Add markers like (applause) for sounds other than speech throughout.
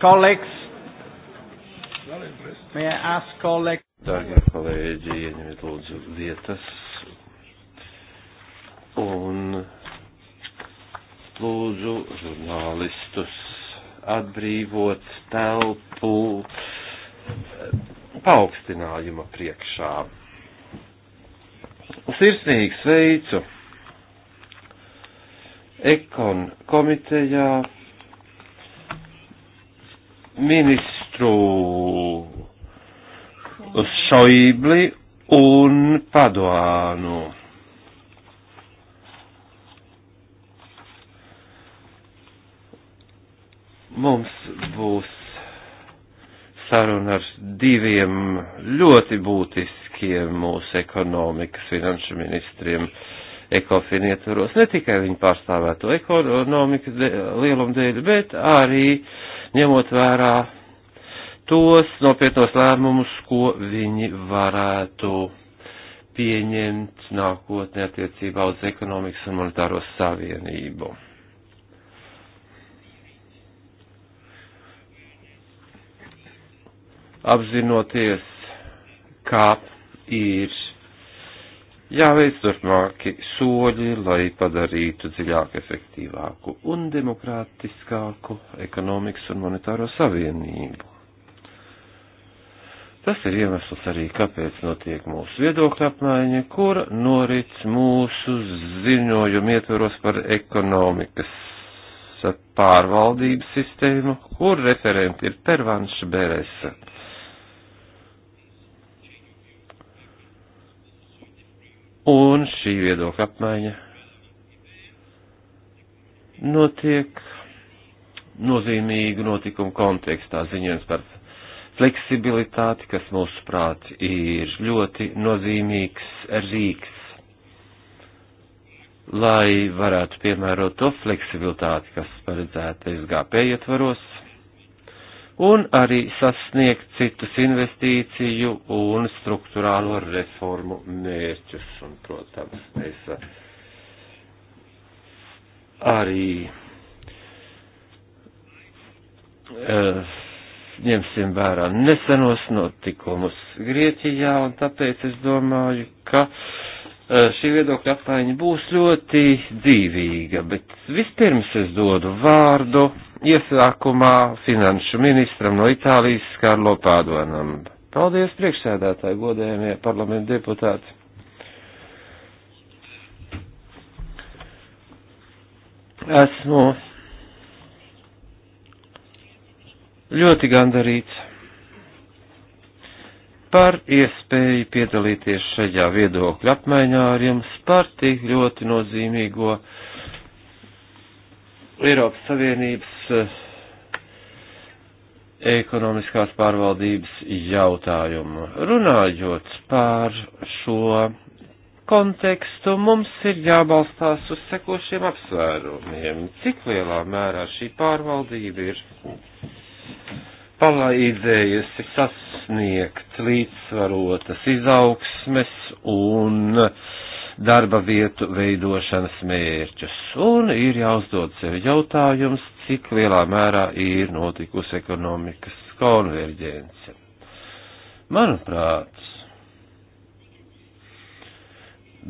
Colleagues, may I ask colleagues? Dārgie kolēģi, ieņemiet lūdzu vietas un lūdzu žurnālistus atbrīvot telpu paaugstinājuma priekšā. Sirsnīgi sveicu! Ekon komitejā ministru Šoibli un Paduānu. Mums būs saruna ar diviem ļoti būtiskiem mūsu ekonomikas finanšu ministriem ekofin ietvaros, ne tikai viņu pārstāvēto ekonomikas lielumu dēļ, bet arī uh, ņemot vērā tos nopietnos lēmumus, ko viņi varētu pieņemt nākotnē attiecībā uz ekonomikas un monetāro savienību. Apzinoties, kā ir jāveic turpmāki soļi, lai padarītu dziļāk efektīvāku un demokrātiskāku ekonomikas un monetāro savienību. Tas ir iemesls arī, kāpēc notiek mūsu viedokļa apmaiņa, kur norit mūsu ziņojumu ietvaros par ekonomikas pārvaldības sistēmu, kur referenti ir Pervanša Beresa. Un šī viedokļa apmaiņa notiek nozīmīgu notikumu kontekstā ziņojums par fleksibilitāti, kas mūsu prāt ir ļoti nozīmīgs rīks, lai varētu piemērot to fleksibilitāti, kas paredzēta SGP ietvaros un arī sasniegt citus investīciju un struktūrālo reformu mērķus. Un, protams, mēs uh, arī uh, ņemsim vērā nesenos notikumus Grieķijā, un tāpēc es domāju, ka uh, šī viedokļa apmaiņa būs ļoti dzīvīga, bet vispirms es dodu vārdu iesākumā finanšu ministram no Itālijas Karlo Pādonam. Paldies priekšsēdētāji, godējumie parlamenta deputāti. Esmu ļoti gandarīts par iespēju piedalīties šajā viedokļa apmaiņā ar jums par tik ļoti nozīmīgo Eiropas Savienības eh, ekonomiskās pārvaldības jautājumu. Runājot par šo kontekstu, mums ir jābalstās uz sekošiem apsvērumiem. Cik lielā mērā šī pārvaldība ir palīdzējusi sasniegt līdzsvarotas izaugsmes un uh, darba vietu veidošanas mērķus. Un ir jāuzdod sev jautājums, cik lielā mērā ir notikusi ekonomikas konverģence. Manuprāt,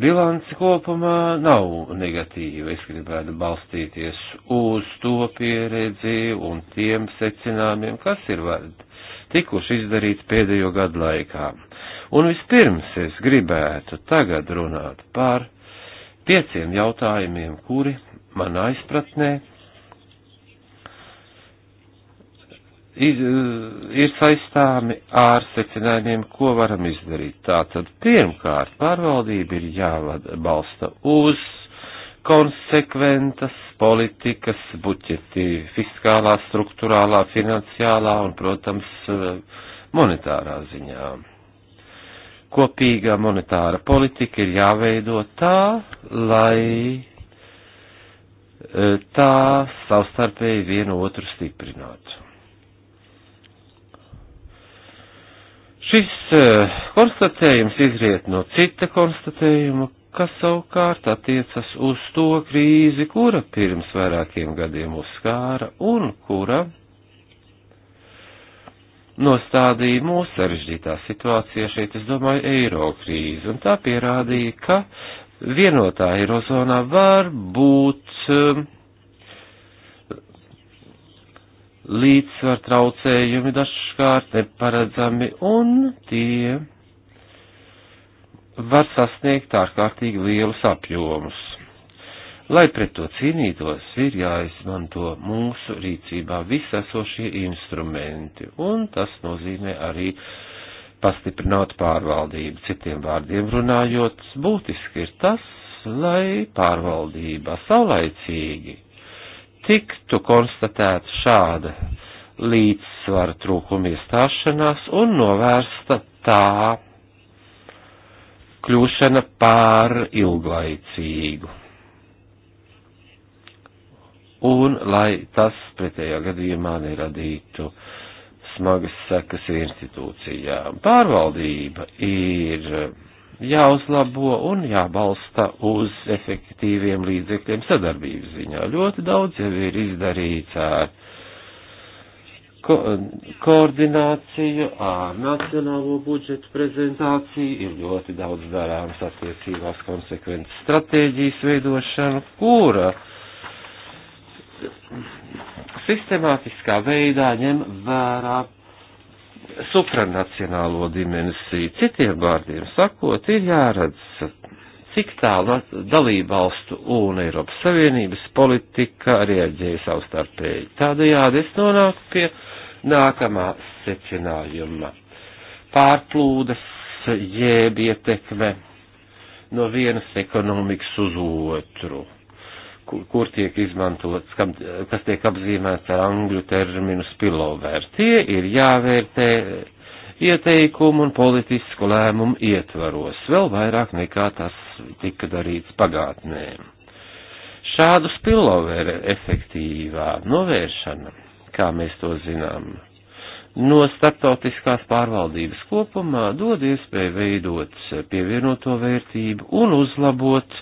bilance kopumā nav negatīva. Es gribētu balstīties uz to pieredzi un tiem secinājumiem, kas ir tikuši izdarīti pēdējo gadu laikā. Un vispirms es gribētu tagad runāt par pieciem jautājumiem, kuri manā izpratnē ir saistāmi ar secinājumiem, ko varam izdarīt. Tātad pirmkārt pārvaldība ir jāvada balsta uz konsekventas politikas buķeti fiskālā, struktūrālā, finansiālā un, protams, monetārā ziņā kopīgā monetāra politika ir jāveido tā, lai e, tā savstarpēji vienu otru stiprinātu. Šis e, konstatējums izriet no cita konstatējuma, kas savukārt attiecas uz to krīzi, kura pirms vairākiem gadiem uzskāra un kura nostādīja mūsu sarežģītā situācija šeit, es domāju, eiro krīze, un tā pierādīja, ka vienotā eirozonā var būt um, līdzsvar traucējumi dažkārt neparedzami, un tie var sasniegt ārkārtīgi lielus apjomus. Lai pret to cīnītos, ir jāizmanto mūsu rīcībā visasošie instrumenti, un tas nozīmē arī pastiprināt pārvaldību. Citiem vārdiem runājot, būtiski ir tas, lai pārvaldība saulaicīgi tiktu konstatēta šāda līdzsvara trūkuma iestāšanās un novērsta tā kļūšana pār ilglaicīgu un lai tas pretējā gadījumā neradītu smagas sekas institūcijām. Pārvaldība ir jāuzlabo un jābalsta uz efektīviem līdzekļiem sadarbības ziņā. Ļoti daudz jau ir izdarīts ar ko koordināciju, ar nacionālo budžetu prezentāciju, ir ļoti daudz darāms attiecībās konsekvences stratēģijas veidošanu, kura uh, sistemātiskā veidā ņem vērā supranacionālo dimensiju. Citiem vārdiem sakot, ir jāredz, cik tālu dalībvalstu un Eiropas Savienības politika rieģēja savstarpēji. Tādējādi es nonāku pie nākamā secinājuma. Pārplūdes jēb ietekme no vienas ekonomikas uz otru kur tiek izmantots, kas tiek apzīmēts ar angļu terminu spillover. Tie ir jāvērtē ieteikumu un politisku lēmumu ietvaros, vēl vairāk nekā tas tika darīts pagātnē. Šādu spilloveru efektīvā novēršana, kā mēs to zinām, no starptautiskās pārvaldības kopumā dod iespēju veidot pievienoto vērtību un uzlabot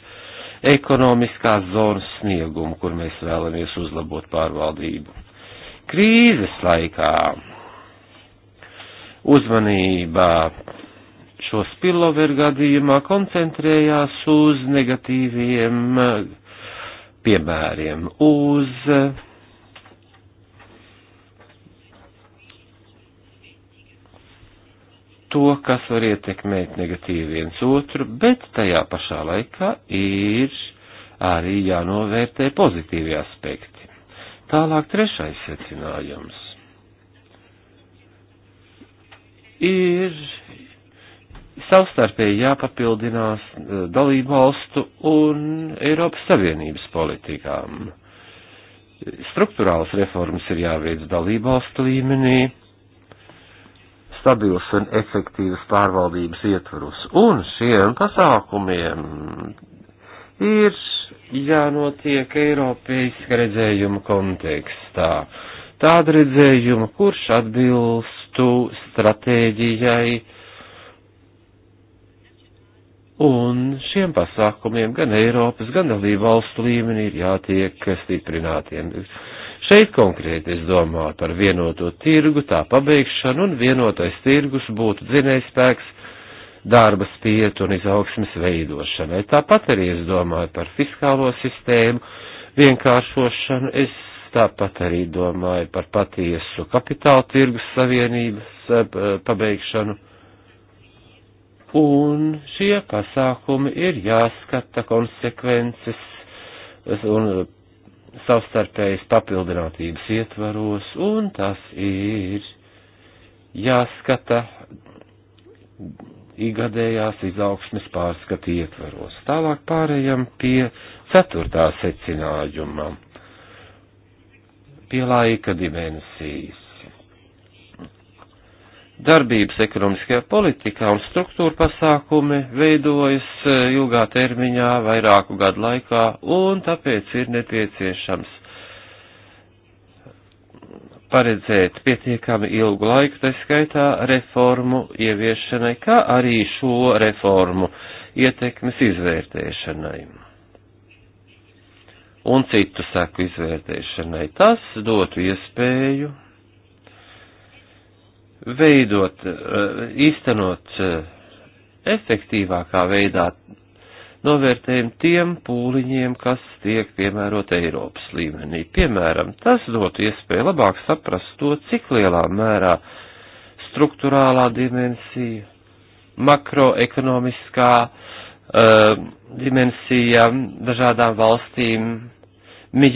ekonomiskās zonas sniegumu, kur mēs vēlamies uzlabot pārvaldību. Krīzes laikā uzmanība šo spillover gadījumā koncentrējās uz negatīviem eh, piemēriem, uz to, kas var ietekmēt negatīvi viens otru, bet tajā pašā laikā ir arī jānovērtē pozitīvi aspekti. Tālāk trešais secinājums ir savstarpēji jāpapildinās eh, dalību valstu un Eiropas Savienības politikām. Struktūrāls reformas ir jāveic dalību valstu līmenī stabils un efektīvas pārvaldības ietvarus. Un šiem pasākumiem ir jānotiek Eiropeiska redzējuma kontekstā. Tāda redzējuma, kurš atbilstu stratēģijai un šiem pasākumiem gan Eiropas, gan dalību valstu līmenī ir jātiek stiprinātiem. Šeit konkrēti es domāju par vienoto tirgu, tā pabeigšanu, un vienotais tirgus būtu dzinējspēks darba spietu un izaugsmes veidošanai. Tāpat arī es domāju par fiskālo sistēmu vienkāršošanu, es tāpat arī domāju par patiesu kapitāla tirgus savienības eh, pabeigšanu. Un šie pasākumi ir jāskata konsekvences un savstarpējas papildinātības ietvaros, un tas ir jāskata igadējās izaugsmes pārskati ietvaros. Tālāk pārējām pie ceturtā secinājuma - pie laika dimensijas darbības ekonomiskajā politikā un struktūra pasākumi veidojas e, ilgā termiņā vairāku gadu laikā, un tāpēc ir nepieciešams paredzēt pietiekami ilgu laiku, tā skaitā reformu ieviešanai, kā arī šo reformu ietekmes izvērtēšanai un citu seku izvērtēšanai. Tas dotu iespēju veidot, eh, īstenot eh, efektīvākā veidā novērtējumu tiem pūliņiem, kas tiek piemērot Eiropas līmenī. Piemēram, tas dotu iespēju labāk saprast to, cik lielā mērā struktūrālā dimensija, makroekonomiskā uh, dimensija dažādām valstīm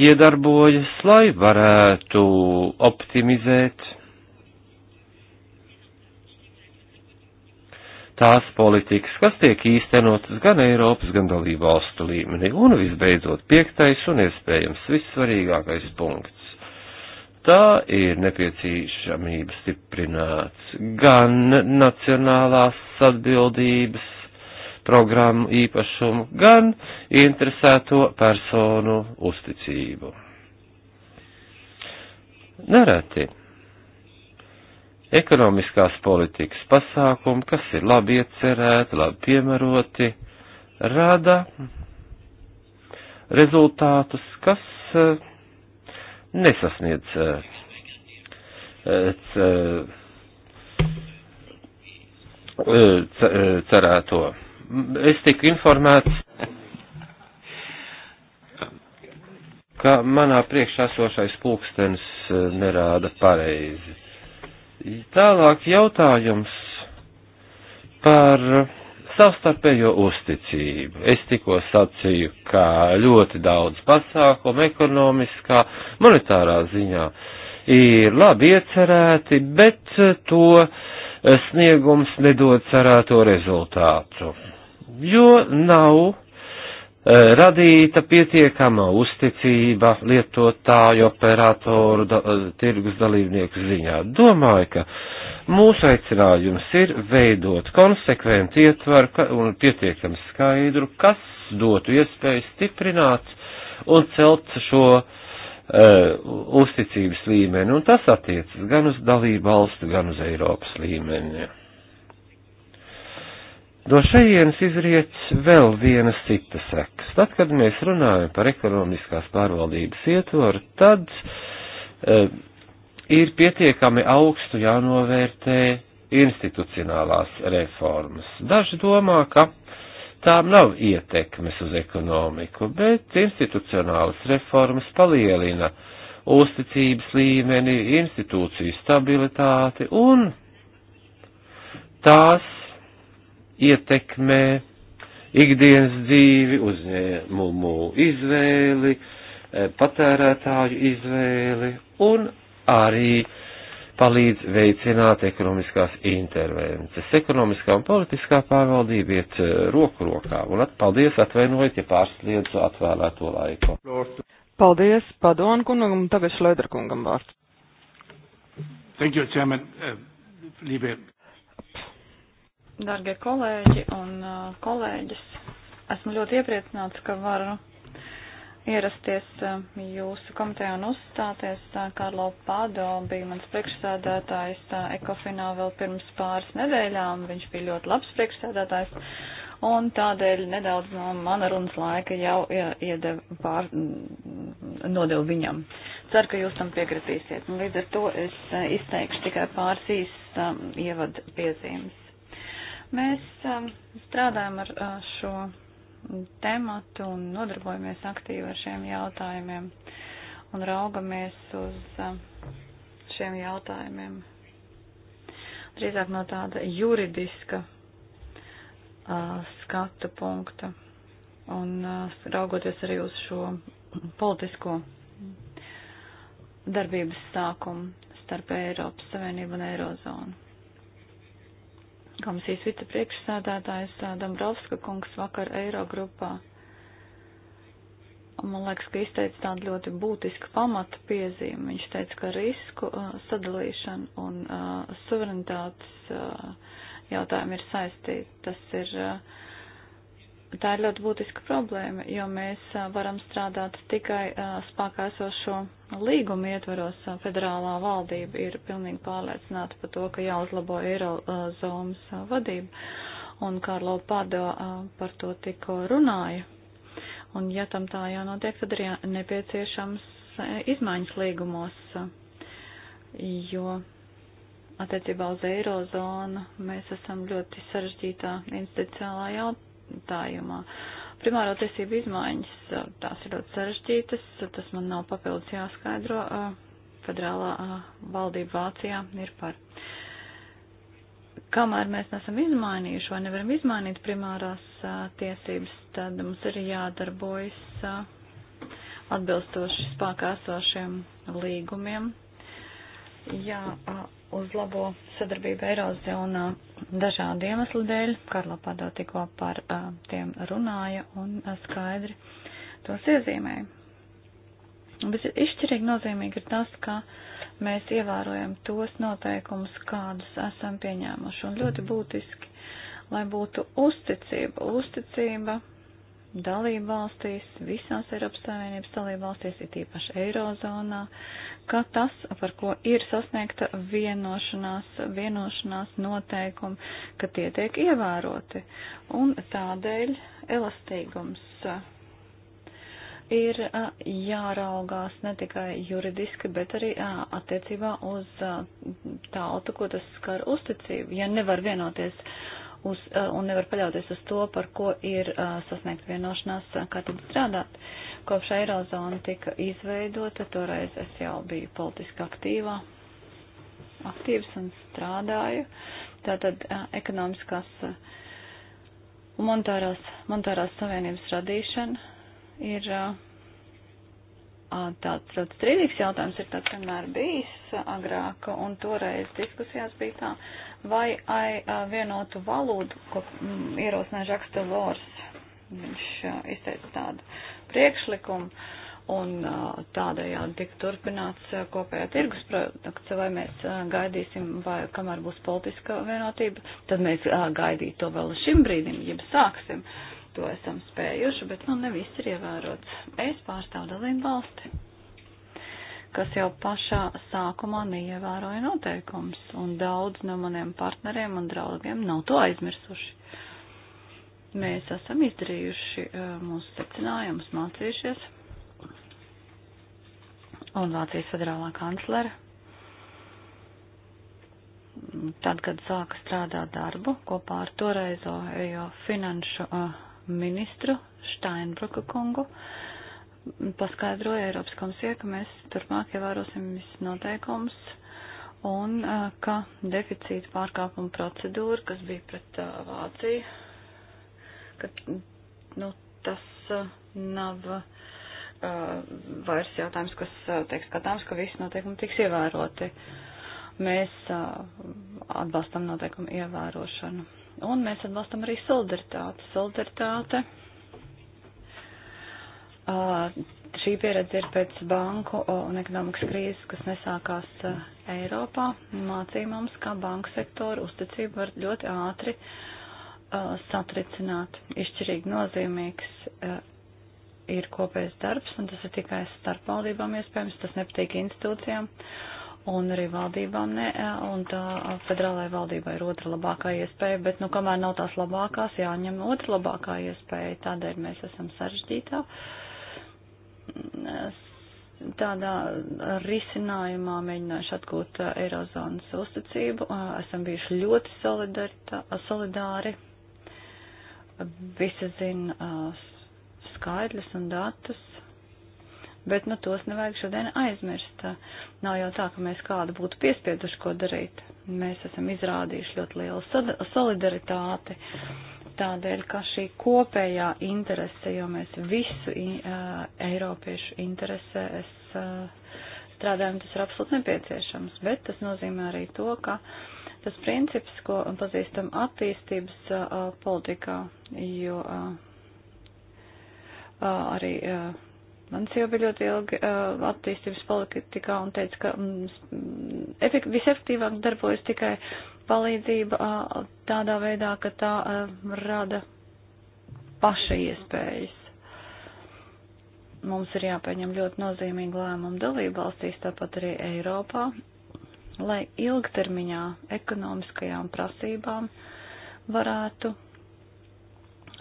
iedarbojas, lai varētu optimizēt tās politikas, kas tiek īstenotas gan Eiropas, gan dalību valstu līmenī. Un visbeidzot, piektais un iespējams vissvarīgākais punkts. Tā ir nepieciešamība stiprināt gan nacionālās atbildības programmu īpašumu, gan interesēto personu uzticību. Nereti ekonomiskās politikas pasākumi, kas ir labi iecerēti, labi piemēroti, rada rezultātus, kas eh, nesasniedz eh, eh, cerēto. Es tiku informēts, ka manā priekšā esošais pulkstenis nerāda pareizi. Tālāk jautājums par savstarpējo uzticību. Es tikko sacīju, ka ļoti daudz pasākumu ekonomiskā, monetārā ziņā ir labi iecerēti, bet to sniegums nedod cerēto rezultātu, jo nav Eh, radīta pietiekama uzticība lietotāju operatoru da, eh, tirgus dalībnieku ziņā. Domāju, ka mūsu aicinājums ir veidot konsekventu ietvaru un pietiekami skaidru, kas dotu iespēju stiprināt un celt šo uh, uzticības līmeni, un tas attiecas gan uz dalību valstu, gan uz Eiropas līmeni. No šejienes izriet vēl viena cita sekas. Tad, kad mēs runājam par ekonomiskās pārvaldības ietvaru, tad e, ir pietiekami augstu jānovērtē institucionālās reformas. Daži domā, ka tām nav ietekmes uz ekonomiku, bet institucionālas reformas palielina uzticības līmeni, institūciju stabilitāti un tās ietekmē ikdienas dzīvi, uzņēmumu izvēli, eh, patērētāju izvēli un arī palīdz veicināt ekonomiskās intervences. Ekonomiskā un politiskā pārvaldība iet eh, roku rokā. Un at, paldies, atvainojiet, ja pārsliedzu atvēlēto laiku. Paldies, padomu kungam, tagad Šlēder kungam vārds. Thank you, Chairman. Uh, eh, liebe Dargie kolēģi un uh, kolēģis, esmu ļoti iepriecināts, ka varu ierasties uh, jūsu komitejā un uzstāties. Karlo Pādo bija mans priekšsēdētājs Ekofinā vēl pirms pāris nedēļām. Viņš bija ļoti labs priekšsēdētājs. Un tādēļ nedaudz no mana runas laika jau iedeva pār, mm, nodevu viņam. Ceru, ka jūs tam piekritīsiet. Un līdz ar to es uh, izteikšu tikai pāris īsts um, ievadu piezīmes. Mēs um, strādājam ar uh, šo tematu un nodarbojamies aktīvi ar šiem jautājumiem un raugamies uz um, šiem jautājumiem. Drīzāk no tāda juridiska uh, skatu punkta un uh, raugoties arī uz šo politisko darbības sākumu starp Eiropas Savienību un Eirozonu. Komisijas vicepriekšsēdētājs Dombrovska kungs vakar Eirogrupā. Man liekas, ka izteica tādu ļoti būtisku pamatu piezīmi. Viņš teica, ka risku sadalīšana un suverenitātes jautājumi ir saistīti. Tas ir uh, tā ir ļoti būtiska problēma, jo mēs varam strādāt tikai spēkā esošo līgumu ietvaros. Federālā valdība ir pilnīgi pārliecināta par to, ka jāuzlabo Eirozonas vadība, un Karlo Pado par to tikko runāja. Un ja tam tā jau notiek, tad ir nepieciešams izmaiņas līgumos, jo attiecībā uz Eirozonu mēs esam ļoti sarežģītā institucionālā jautājumā jautājumā. Primāro tiesību izmaiņas, eh, tās ir ļoti sarežģītas, tas man nav papildus jāskaidro. Eh, federālā eh, valdība Vācijā ir par. Kamēr mēs nesam izmainījuši vai nevaram izmainīt primārās tiesības, tad mums ir jādarbojas atbilstoši spēkā esošiem līgumiem, jāuzlabo sadarbība Eirozonā dažādu iemeslu dēļ. Karla Pado tikko par tiem runāja un skaidri tos iezīmēja. Bet izšķirīgi nozīmīgi ir tas, ka mēs ievērojam tos noteikumus, kādus esam pieņēmuši. Un ļoti būtiski, lai būtu uzticība. Uzticība dalību valstīs, visās Eiropas Savienības dalību valstīs, ir tīpaši Eirozonā. Uh, ka tas, par ko ir sasniegta vienošanās, vienošanās noteikumi, ka tie tiek ievēroti. Un tādēļ elastīgums uh, ir uh, jāraugās ne tikai juridiski, bet arī uh, attiecībā uz tautu, ko tas skar uzticību. Ja nevar vienoties uz, un nevar paļauties uz to, par ko ir sasniegt vienošanās, kā tad strādāt. Uh, Kopš Eirozona tika izveidota, toreiz es jau biju politiski aktīvā, aktīvs un strādāju. Tātad ekonomiskās un monetārās, monetārās savienības radīšana ir tāds ļoti strīdīgs jautājums ir tāds vienmēr bijis agrāk, un toreiz diskusijās bija tā, vai ai, vienotu valūtu, ko mm, ierosināja Žaks Delors, Viņš izteica tādu priekšlikumu un tādējādi tika turpināts kopējā tirgus produkts, vai mēs gaidīsim, vai kamēr būs politiska vienotība, tad mēs gaidītu to vēl šim brīdim, jeb sāksim. To esam spējuši, bet nu ne viss ir ievērots. Es pārstāvu dalību valsti kas jau pašā sākumā neievēroja noteikums, un daudz no maniem partneriem un draugiem nav to aizmirsuši. Mēs esam izdarījuši eh, mūsu secinājumus, mācījušies. Un Vācijas federālā kanclere, tad, kad sāka strādāt darbu kopā ar toreizējo finanšu eh, ministru Steinbruka kungu, paskaidroja Eiropas komisija, ka mēs turpmāk ievērosim visus noteikumus un eh, ka deficīta pārkāpuma procedūra, kas bija pret Vāciju, ka nu, tas uh, nav uh, vairs jautājums, kas uh, tiek skatāms, ka visi noteikumi tiks ievēroti. Mēs uh, atbalstam noteikumu ievērošanu. Un mēs atbalstam arī solidaritāti. Solidaritāte. Uh, šī pieredze ir pēc banku uh, un ekonomikas krīzes, kas nesākās Eiropā, mācīja mums, kā banku sektoru uzticību var ļoti ātri uh, uh, satricināt. Izšķirīgi nozīmīgs uh, ir kopējs darbs, un tas ir tikai starp valdībām iespējams, tas nepatīk institūcijām un arī valdībām ne, uh, un tā uh, federālajai valdībai ir otra labākā iespēja, bet, nu, kamēr nav tās labākās, jāņem otra labākā iespēja, tādēļ mēs esam sarežģītā. Mm, tādā risinājumā mēģinājuši atgūt uh, Eirozonas uzticību, esam bijuši ļoti solidari, visi zina uh, skaidrus un datus, bet nu tos nevajag šodien aizmirst. Nav jau tā, ka mēs kādu būtu piespieduši ko darīt. Mēs esam izrādījuši ļoti lielu solidaritāti tādēļ, ka šī kopējā interese, jo mēs visu uh, eiropiešu interesē es, uh, strādājam, tas ir absolūti nepieciešams, bet tas nozīmē arī to, ka uh, tas princips, ko pazīstam attīstības uh, politikā, jo uh, arī uh, mans jau bija ļoti ilgi uh, attīstības politikā un teica, ka mm, efek visefektīvāk darbojas tikai palīdzība uh, tādā veidā, ka tā uh, rada paša iespējas. Mums ir jāpieņem ļoti nozīmīgi lēmumi dalību valstīs, tāpat arī Eiropā, lai ilgtermiņā ekonomiskajām prasībām varētu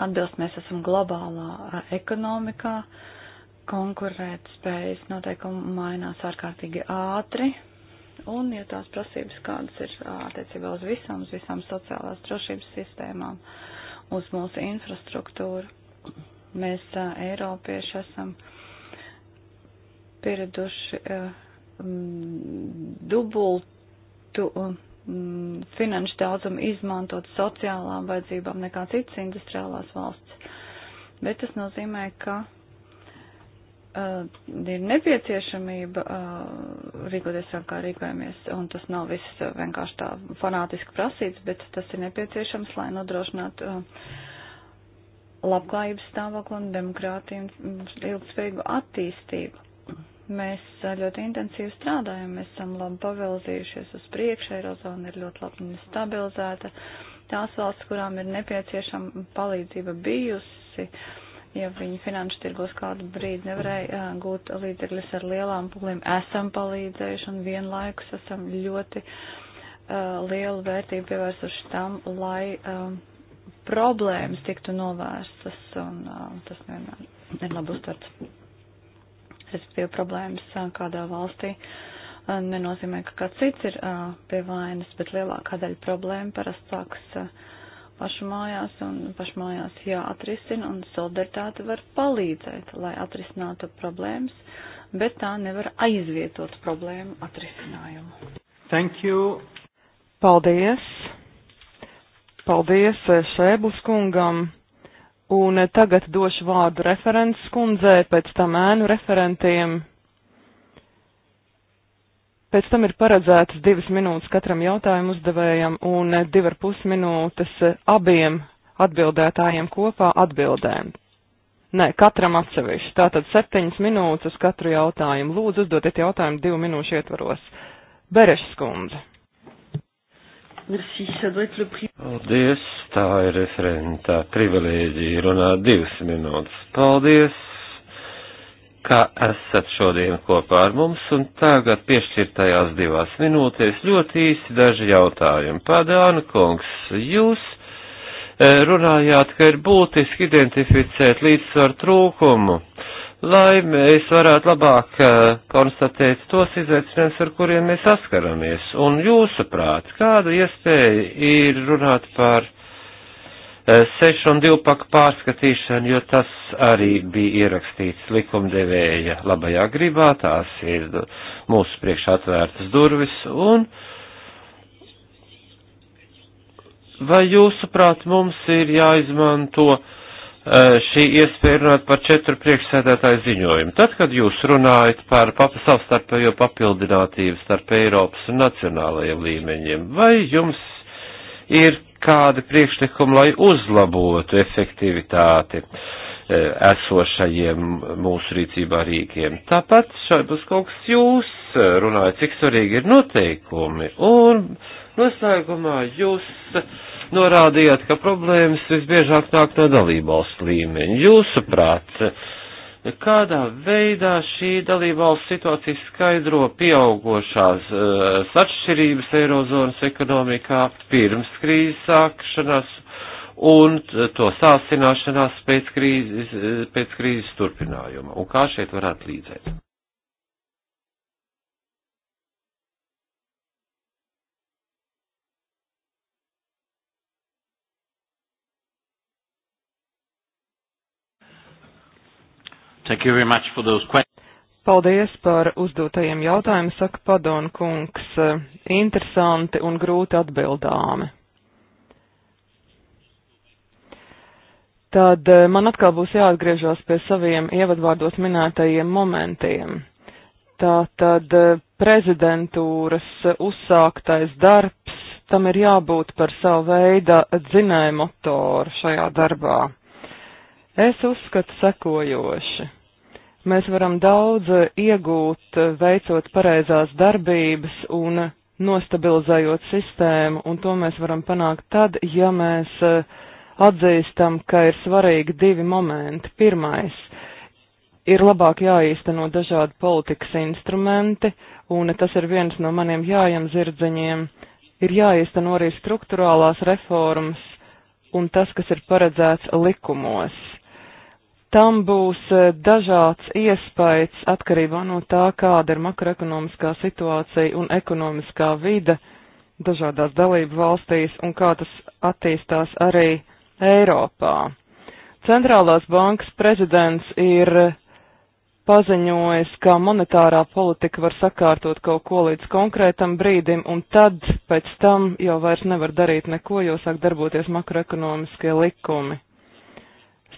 atbilst, mēs esam globālā ekonomikā, konkurēt spējas noteikumi mainās ārkārtīgi ātri, un ja tās prasības kādas ir attiecībā uz visām, uz visām sociālās drošības sistēmām, uz mūsu infrastruktūru, mēs, Eiropieši, esam pieraduši. Uh, Mm, dubultu mm, finanšu daudzumu izmantot sociālām vajadzībām nekā citas industriālās valsts. Bet tas nozīmē, ka uh, ir nepieciešamība uh, rīkoties tā, kā rīkojamies, un tas nav viss uh, vienkārši tā fanātiski prasīts, bet tas ir nepieciešams, lai nodrošinātu uh, labklājības stāvokli un demokrātiju un ilgspējīgu attīstību. Mēs ļoti intensīvi strādājam, mēs esam labi pavilzījušies uz priekšu, Eirozona ir ļoti labi stabilizēta. Tās valsts, kurām ir nepieciešama palīdzība bijusi, ja viņi finanšu tirgos kādu brīdi nevarēja gūt līdzekļus ar lielām pulīm, esam palīdzējuši un vienlaikus esam ļoti uh, lielu vērtību pievērsuši tam, lai uh, problēmas tiktu novērstas un uh, tas nevienmēr ir labi uztverts respektīvi problēmas kādā valstī. Nenozīmē, ka kāds cits ir pie vainas, bet lielākā daļa problēma parasti sākas pašu mājās un pašu mājās jāatrisina un solidaritāte var palīdzēt, lai atrisinātu problēmas, bet tā nevar aizvietot problēmu atrisinājumu. Thank you. Paldies. Paldies Šēbus kungam Un tagad došu vārdu referents skundzē, pēc tam ēnu referentiem. Pēc tam ir paredzētas divas minūtes katram jautājumu uzdevējam un divi ar pus minūtes abiem atbildētājiem kopā atbildēm. Nē, katram atsevišķi. Tātad septiņas minūtes uz katru jautājumu. Lūdzu, uzdodiet jautājumu divu minūšu ietvaros. Bereša skundze. Merci, ça doit être le prix. Paldies, tā ir referentā privilēģija runāt divas minūtes. Paldies, ka esat šodien kopā ar mums un tagad piešķirtajās divās minūtēs ļoti īsi daži jautājumi. Pādāna kungs, jūs eh, runājāt, ka ir būtiski identificēt līdzsvaru trūkumu lai mēs varētu labāk eh, konstatēt tos izaicinājumus, ar kuriem mēs saskaramies. Un jūsuprāt, kāda iespēja ir runāt par eh, sešu un divpaku pārskatīšanu, jo tas arī bija ierakstīts likumdevēja labajā gribā, tās ir mūsu priekš atvērtas durvis un. Vai jūsuprāt mums ir jāizmanto uh, Eh, šī iespēja runāt par četru priekšsēdētāju ziņojumu. Tad, kad jūs runājat par pap savstarpējo papildinātību starp Eiropas un nacionālajiem līmeņiem, vai jums ir kādi priekšlikumi, lai uzlabotu efektivitāti eh, esošajiem mūsu rīcībā rīkiem. Tāpat, Šaibus kungs, jūs eh, runājat, cik svarīgi ir noteikumi, un noslēgumā jūs uh, norādījāt, ka problēmas visbiežāk nāk no dalībvalstu līmeņa. Jūsuprāt, kādā veidā šī dalībvalsts situācija skaidro pieaugošās uh, atšķirības Eirozonas ekonomikā pirms krīzes sākšanās un to sāsināšanās pēc krīzes, eh, pēc krīzes turpinājuma? Un kā šeit varētu līdzēt? Thank you very much for those questions. Paldies par uzdotajiem jautājumiem, saka Padona kungs. Interesanti un grūti atbildāmi. Tad eh, man atkal būs jāatgriežas pie saviem ievadvārdos minētajiem momentiem. Tā tad eh, prezidentūras uzsāktais darbs, tam ir jābūt par savu veidu dzinēju motoru šajā darbā. Es uzskatu sekojoši Mēs varam daudz eh, iegūt, eh, veicot pareizās darbības un nostabilizējot sistēmu, un to mēs varam panākt tad, ja mēs eh, atzīstam, ka ir svarīgi divi momenti. Pirmais - ir labāk jāīsteno dažādi politikas instrumenti, un tas ir viens no maniem jājam zirdziņiem. Ir jāīsteno arī struktūrālās reformas un tas, kas ir paredzēts likumos. Tam būs eh, dažāds iespējas atkarībā no tā, kāda ir makroekonomiskā situācija un ekonomiskā vide dažādās dalību valstīs un kā tas attīstās arī Eiropā. Centrālās bankas prezidents ir paziņojis, ka monetārā politika var sakārtot kaut ko līdz konkrētam brīdim, un tad pēc tam jau vairs nevar darīt neko, jo sāk darboties makroekonomiskie likumi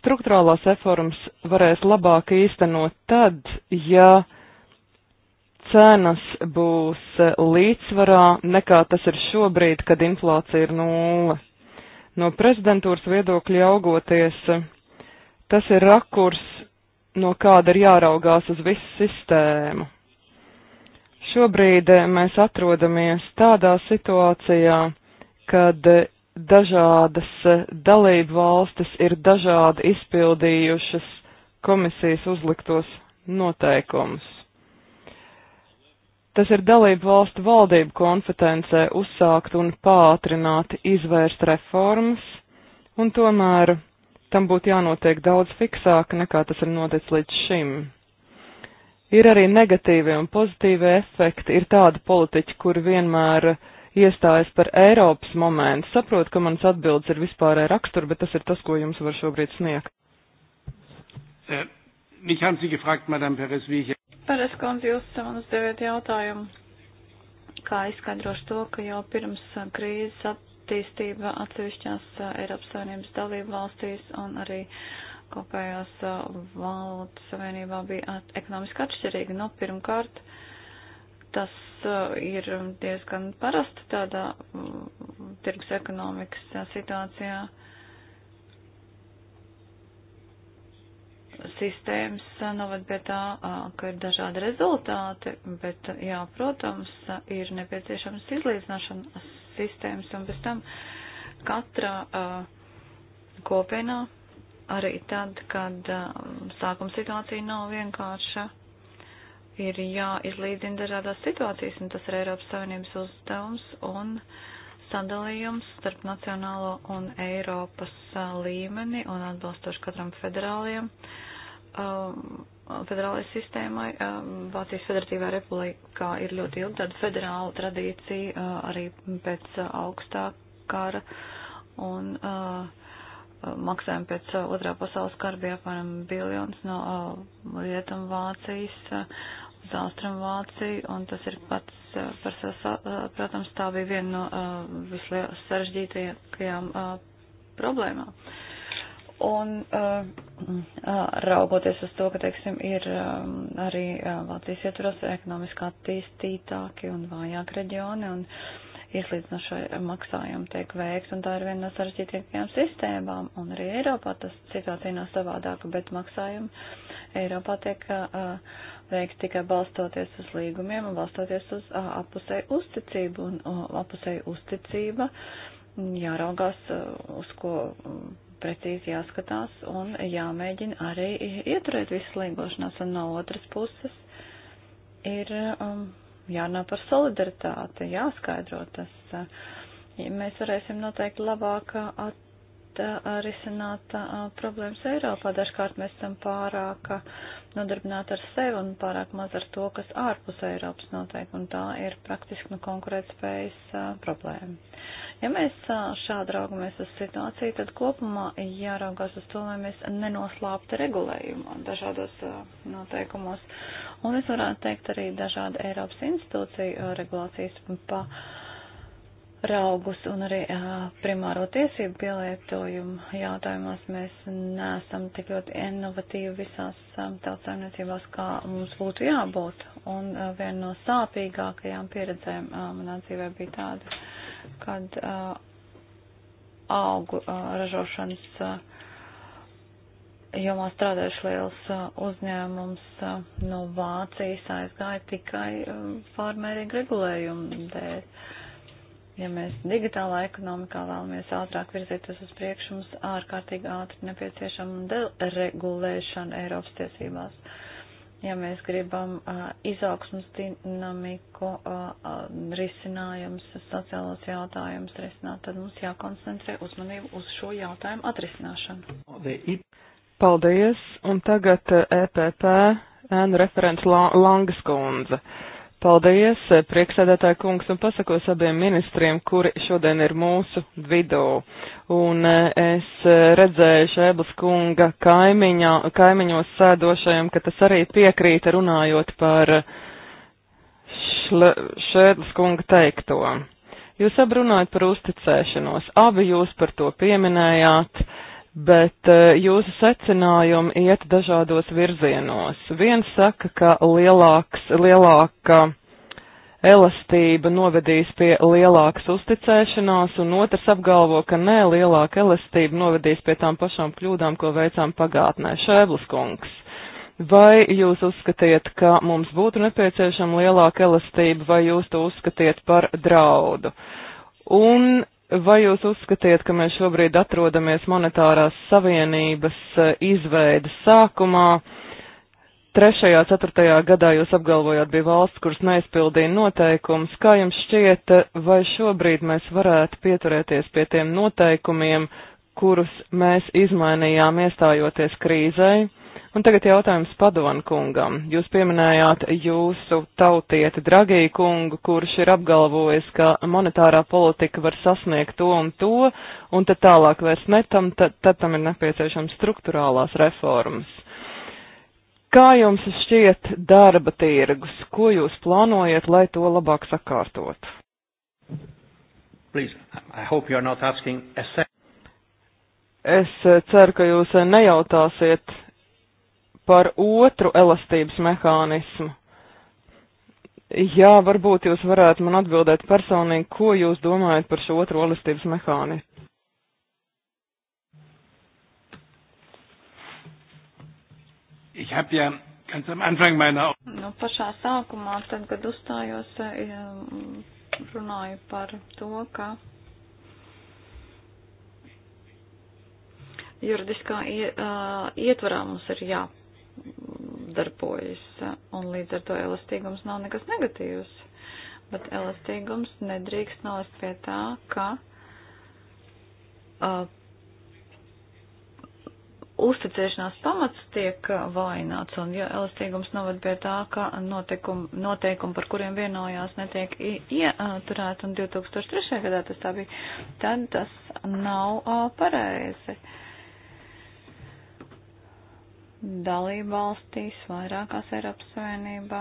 struktūrālās reformas varēs labāk īstenot tad, ja cenas būs līdzsvarā nekā tas ir šobrīd, kad inflācija ir nulle. No prezidentūras viedokļa augoties, tas ir rakurs, no kāda ir jāraugās uz visu sistēmu. Šobrīd mēs atrodamies tādā situācijā, kad dažādas eh, dalību valstis ir dažādi izpildījušas komisijas uzliktos noteikumus. Tas ir dalību valstu valdību kompetencē uzsākt un pātrināt izvērst reformas, un tomēr tam būtu jānotiek daudz fiksāk nekā tas ir noticis līdz šim. Ir arī negatīvi un pozitīvi efekti, ir tādi politiķi, kuri vienmēr uh, iestājas par Eiropas momentu. Saprotu, ka mans atbildes ir vispārēj rakstur, bet tas ir tas, ko jums var šobrīd sniegt. Mich haben Sie gefragt, Madame Perez, wie ich. Perez, kundze, jūs man uzdeviet jautājumu, kā izskaidrošu to, ka jau pirms krīzes attīstība atsevišķās Eiropas Savienības dalību valstīs un arī kopējās valūtas savienībā bija ekonomiski atšķirīga. Nu, pirmkārt, uh, Tas uh, ir diezgan parasti tādā mm, tirgus ekonomikas uh, situācijā. sistēmas uh, novad pie tā, ka ir dažādi rezultāti, bet, jā, protams, ir nepieciešams izlīdzināšana sistēmas un bez tam katrā kopienā arī tad, kad sākuma situācija nav vienkārša ir jāizlīdzina dažādās situācijas, un tas ir Eiropas Savienības uzdevums un sadalījums starp nacionālo un Eiropas līmeni un atbalstoši katram federālajiem, um, federālajai sistēmai. Um, Vācijas Federatīvā republikā ir ļoti ilga tāda federāla tradīcija uh, arī pēc uh, augstā kara un uh, maksājumi pēc otrā pasaules kara bija apmēram biljons no Rietumvācijas. Uh, uz Austrum Vāciju, un tas ir pats, eh, par, eh, protams, tā bija viena no uh, eh, vislielākajām sarežģītākajām uh, problēmām. Un uh, raugoties uz to, ka, teiksim, ir um, arī uh, Vācijas ietvaros ekonomiski attīstītāki un vājāk reģioni, un uh, ieslīdzinošie maksājumi tiek veikti, un tā ir viena no sarežģītākajām sistēmām, un arī Eiropā tas situācija nav savādāka, bet maksājumi Eiropā tiek uh, veikt tikai balstoties uz līgumiem un balstoties uz apusēju uzticību. Un apusēju uzticība jāraugās, uz ko precīzi jāskatās un jāmēģina arī ieturēt visas līgošanās. Un no otras puses ir um, jārunā par solidaritāti, jāskaidro tas. Mēs varēsim noteikti labāk at risināt problēmas Eiropā. Dažkārt mēs esam pārāk nodarbināti ar sevi un pārāk maz ar to, kas ārpus Eiropas notiek, un tā ir praktiski nu, konkurētspējas problēma. Ja mēs šādi raugamies uz situāciju, tad kopumā jāraugās uz to, lai mēs nenoslāptu regulējumu dažādos noteikumos, un es varētu teikt arī dažādi Eiropas institūciju regulācijas pa. Uh, raugus un arī primāro tiesību pielietojumu jautājumos mēs neesam tik ļoti innovatīvi visās tautsājumniecībās, kā mums būtu jābūt. Un viena no sāpīgākajām pieredzēm manā dzīvē bija tāda, kad augu ražošanas jomā strādājuši liels uzņēmums no Vācijas aizgāja tikai pārmērīgi regulējumu dēļ Ja mēs digitālā ekonomikā vēlamies ātrāk virzīties uz priekšu, mums ārkārtīgi ātri nepieciešama deregulēšana Eiropas tiesībās. Ja mēs gribam uh, izaugsmas dinamiku, uh, risinājums, sociālos jautājumus risināt, tad mums jākoncentrē uzmanību uz šo jautājumu atrisināšanu. Paldies, un tagad EPP ēnu referents Langas kundze. Uh, Paldies, eh, prieksēdētāja kungs, un pasakos abiem ministriem, kuri šodien ir mūsu vidū. Un eh, es eh, redzēju Šēblas kunga kaimiņā, kaimiņos sēdošajam, ka tas arī piekrīt runājot par Šēblas kunga teikto. Jūs abrunājat par uzticēšanos, abi jūs par to pieminējāt. Uh, bet eh, jūsu secinājumi iet dažādos virzienos. Viens saka, ka lielāks, lielāka elastība novedīs pie lielākas uzticēšanās, un otrs apgalvo, ka nē, lielāka elastība novedīs pie tām pašām kļūdām, ko veicām pagātnē. Šēblis kungs, vai jūs uzskatiet, ka mums būtu nepieciešama lielāka elastība, vai jūs to uzskatiet par draudu? Un Vai jūs uzskatiet, ka mēs šobrīd atrodamies monetārās savienības eh, izveidas sākumā? Trešajā, ceturtajā gadā jūs apgalvojāt bija valsts, kuras neizpildīja noteikums. Kā jums šķiet, vai šobrīd mēs varētu pieturēties pie tiem noteikumiem, kurus mēs izmainījām iestājoties krīzei? Un tagad jautājums padomu kungam. Jūs pieminējāt jūsu tautieti Dragiju kungu, kurš ir apgalvojis, ka monetārā politika var sasniegt to un to, un tad tālāk vairs netam, tad, tad tam ir nepieciešams struktūrālās reformas. Kā jums šķiet darba tirgus? Ko jūs plānojat, lai to labāk sakārtotu? Please, I hope you're not asking a second. Es ceru, ka jūs nejautāsiet par otru elastības mehānismu. Jā, varbūt jūs varētu man atbildēt personīgi, ko jūs domājat par šo otru elastības mehānismu. Ich habe ja ganz am Anfang meiner. Nu, pašā sākumā, tad, kad uzstājos, eh, mm, runāju par to, ka juridiskā ietvarā mums ir jāpārāk darbojas, un līdz ar to elastīgums nav nekas negatīvs. Bet elastīgums nedrīkst novest pie tā, ka uh, uzticēšanās pamats tiek vaināts, un ja elastīgums noved pie tā, ka noteikumi, noteikumi par kuriem vienojās, netiek ieturēti, un 2003. gadā tas tā bija, tad tas nav uh, pareizi. Uh, dalību valstīs, vairākās Eiropas Savienībā,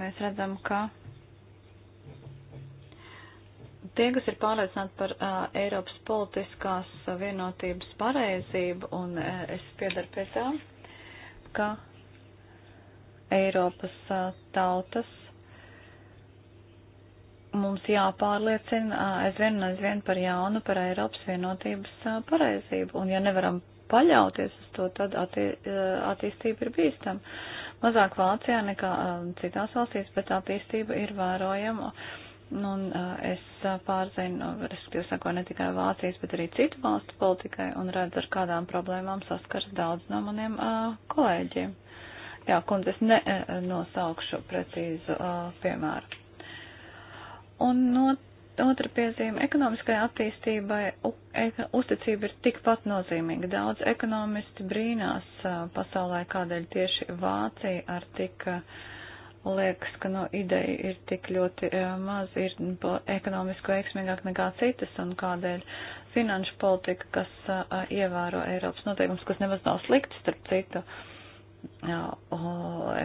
mēs redzam, ka tie, kas ir pārliecināti par uh, Eiropas politiskās vienotības pareizību, un uh, es piedaru pie tā, ka Eiropas uh, tautas mums jāpārliecina aizvien un aizvien par jaunu, par Eiropas vienotības pareizību. Un ja nevaram paļauties uz to, tad attie, eh, attīstība ir bīstama. Mazāk Vācijā nekā eh, citās valstīs, bet attīstība ir vērojama. Nu, un eh, es pārzinu, respektīvi sako, ne tikai Vācijas, bet arī citu valstu politikai un redzu, ar kādām problēmām saskars daudz no maniem kolēģiem. Jā, kundze, es ne, nosaukšu precīzu piemēru. Un not Otra piezīme - ekonomiskai attīstībai e, uzticība ir tikpat nozīmīga. Daudz ekonomisti brīnās pasaulē, kādēļ tieši Vācija ar tik liekas, ka no nu, ideja ir tik ļoti maz, ir ekonomiski veiksmīgāk nekā citas, un kādēļ finanšu politika, kas ievēro Eiropas noteikums, kas nemaz nav slikts, starp citu,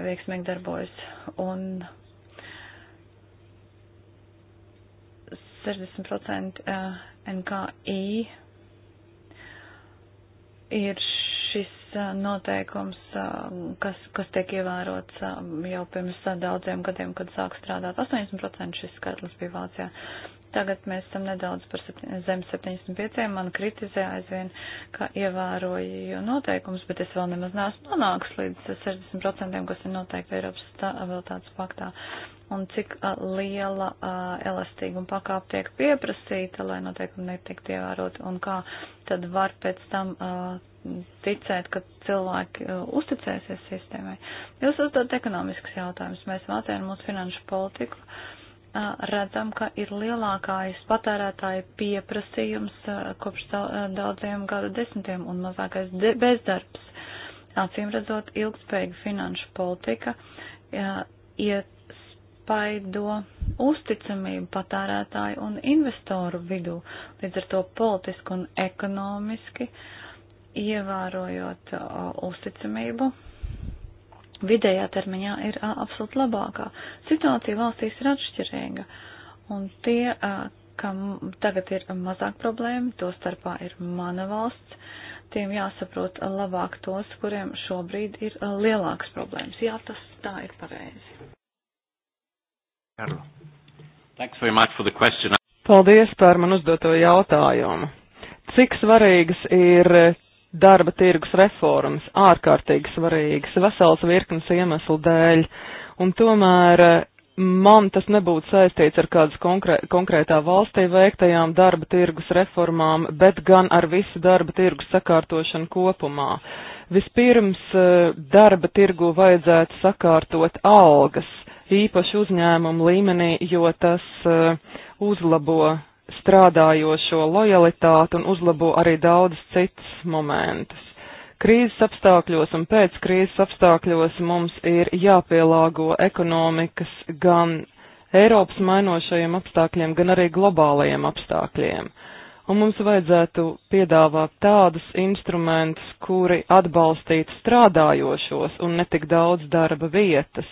veiksmīgi darbojas. Un 60% eh, NKI ir šis eh, noteikums, eh, kas, kas tiek ievērots jau pirms daudziem gadiem, kad sāk strādāt. 80% šis skaitlis bija Vācijā. Tagad mēs esam nedaudz par zem 75, man kritizē aizvien, ka ievēroju noteikumus, bet es vēl nemaz neesmu nonāks līdz 60%, kas ir noteikti Eiropas stabilitātes paktā. Un cik a, liela a, elastīguma pakāp tiek pieprasīta, lai noteikumi netiktu ievēroti, un kā tad var pēc tam a, ticēt, ka cilvēki uh, uzticēsies sistēmai. Jūs uzdot ekonomiskas jautājumus. Mēs vērtējam mūsu finanšu politiku. Uh, redzam, ka ir lielākais patērētāja pieprasījums kopš daudziem gadu desmitiem un mazākais bezdarbs. Acīm redzot, ilgspējīga finanšu politika iespaido uzticamību patērētāju un investoru vidū, līdz ar to politiski un ekonomiski ievērojot uzticamību vidējā termiņā ir absolūti labākā. Situācija valstīs ir atšķirīga, un tie, kam tagad ir mazāk problēma, to starpā ir mana valsts, tiem jāsaprot labāk tos, kuriem šobrīd ir lielākas problēmas. Jā, tas tā ir pareizi. Karlo. Thanks very much for the question. Paldies par man uzdoto jautājumu. Cik svarīgas ir darba tirgus reformas ārkārtīgi svarīgas, vesels virknes iemeslu dēļ, un tomēr eh, man tas nebūtu saistīts ar kādas konkrē, konkrētā valstī veiktajām darba tirgus reformām, bet gan ar visu darba tirgus sakārtošanu kopumā. Vispirms eh, darba tirgu vajadzētu sakārtot algas, īpaši uzņēmumu līmenī, jo tas eh, uzlabo strādājošo lojalitāti un uzlabo arī daudz citas momentus. Krīzes apstākļos un pēc krīzes apstākļos mums ir jāpielāgo ekonomikas gan Eiropas mainošajiem apstākļiem, gan arī globālajiem apstākļiem. Un mums vajadzētu piedāvāt tādus instrumentus, kuri atbalstītu strādājošos un netik daudz darba vietas.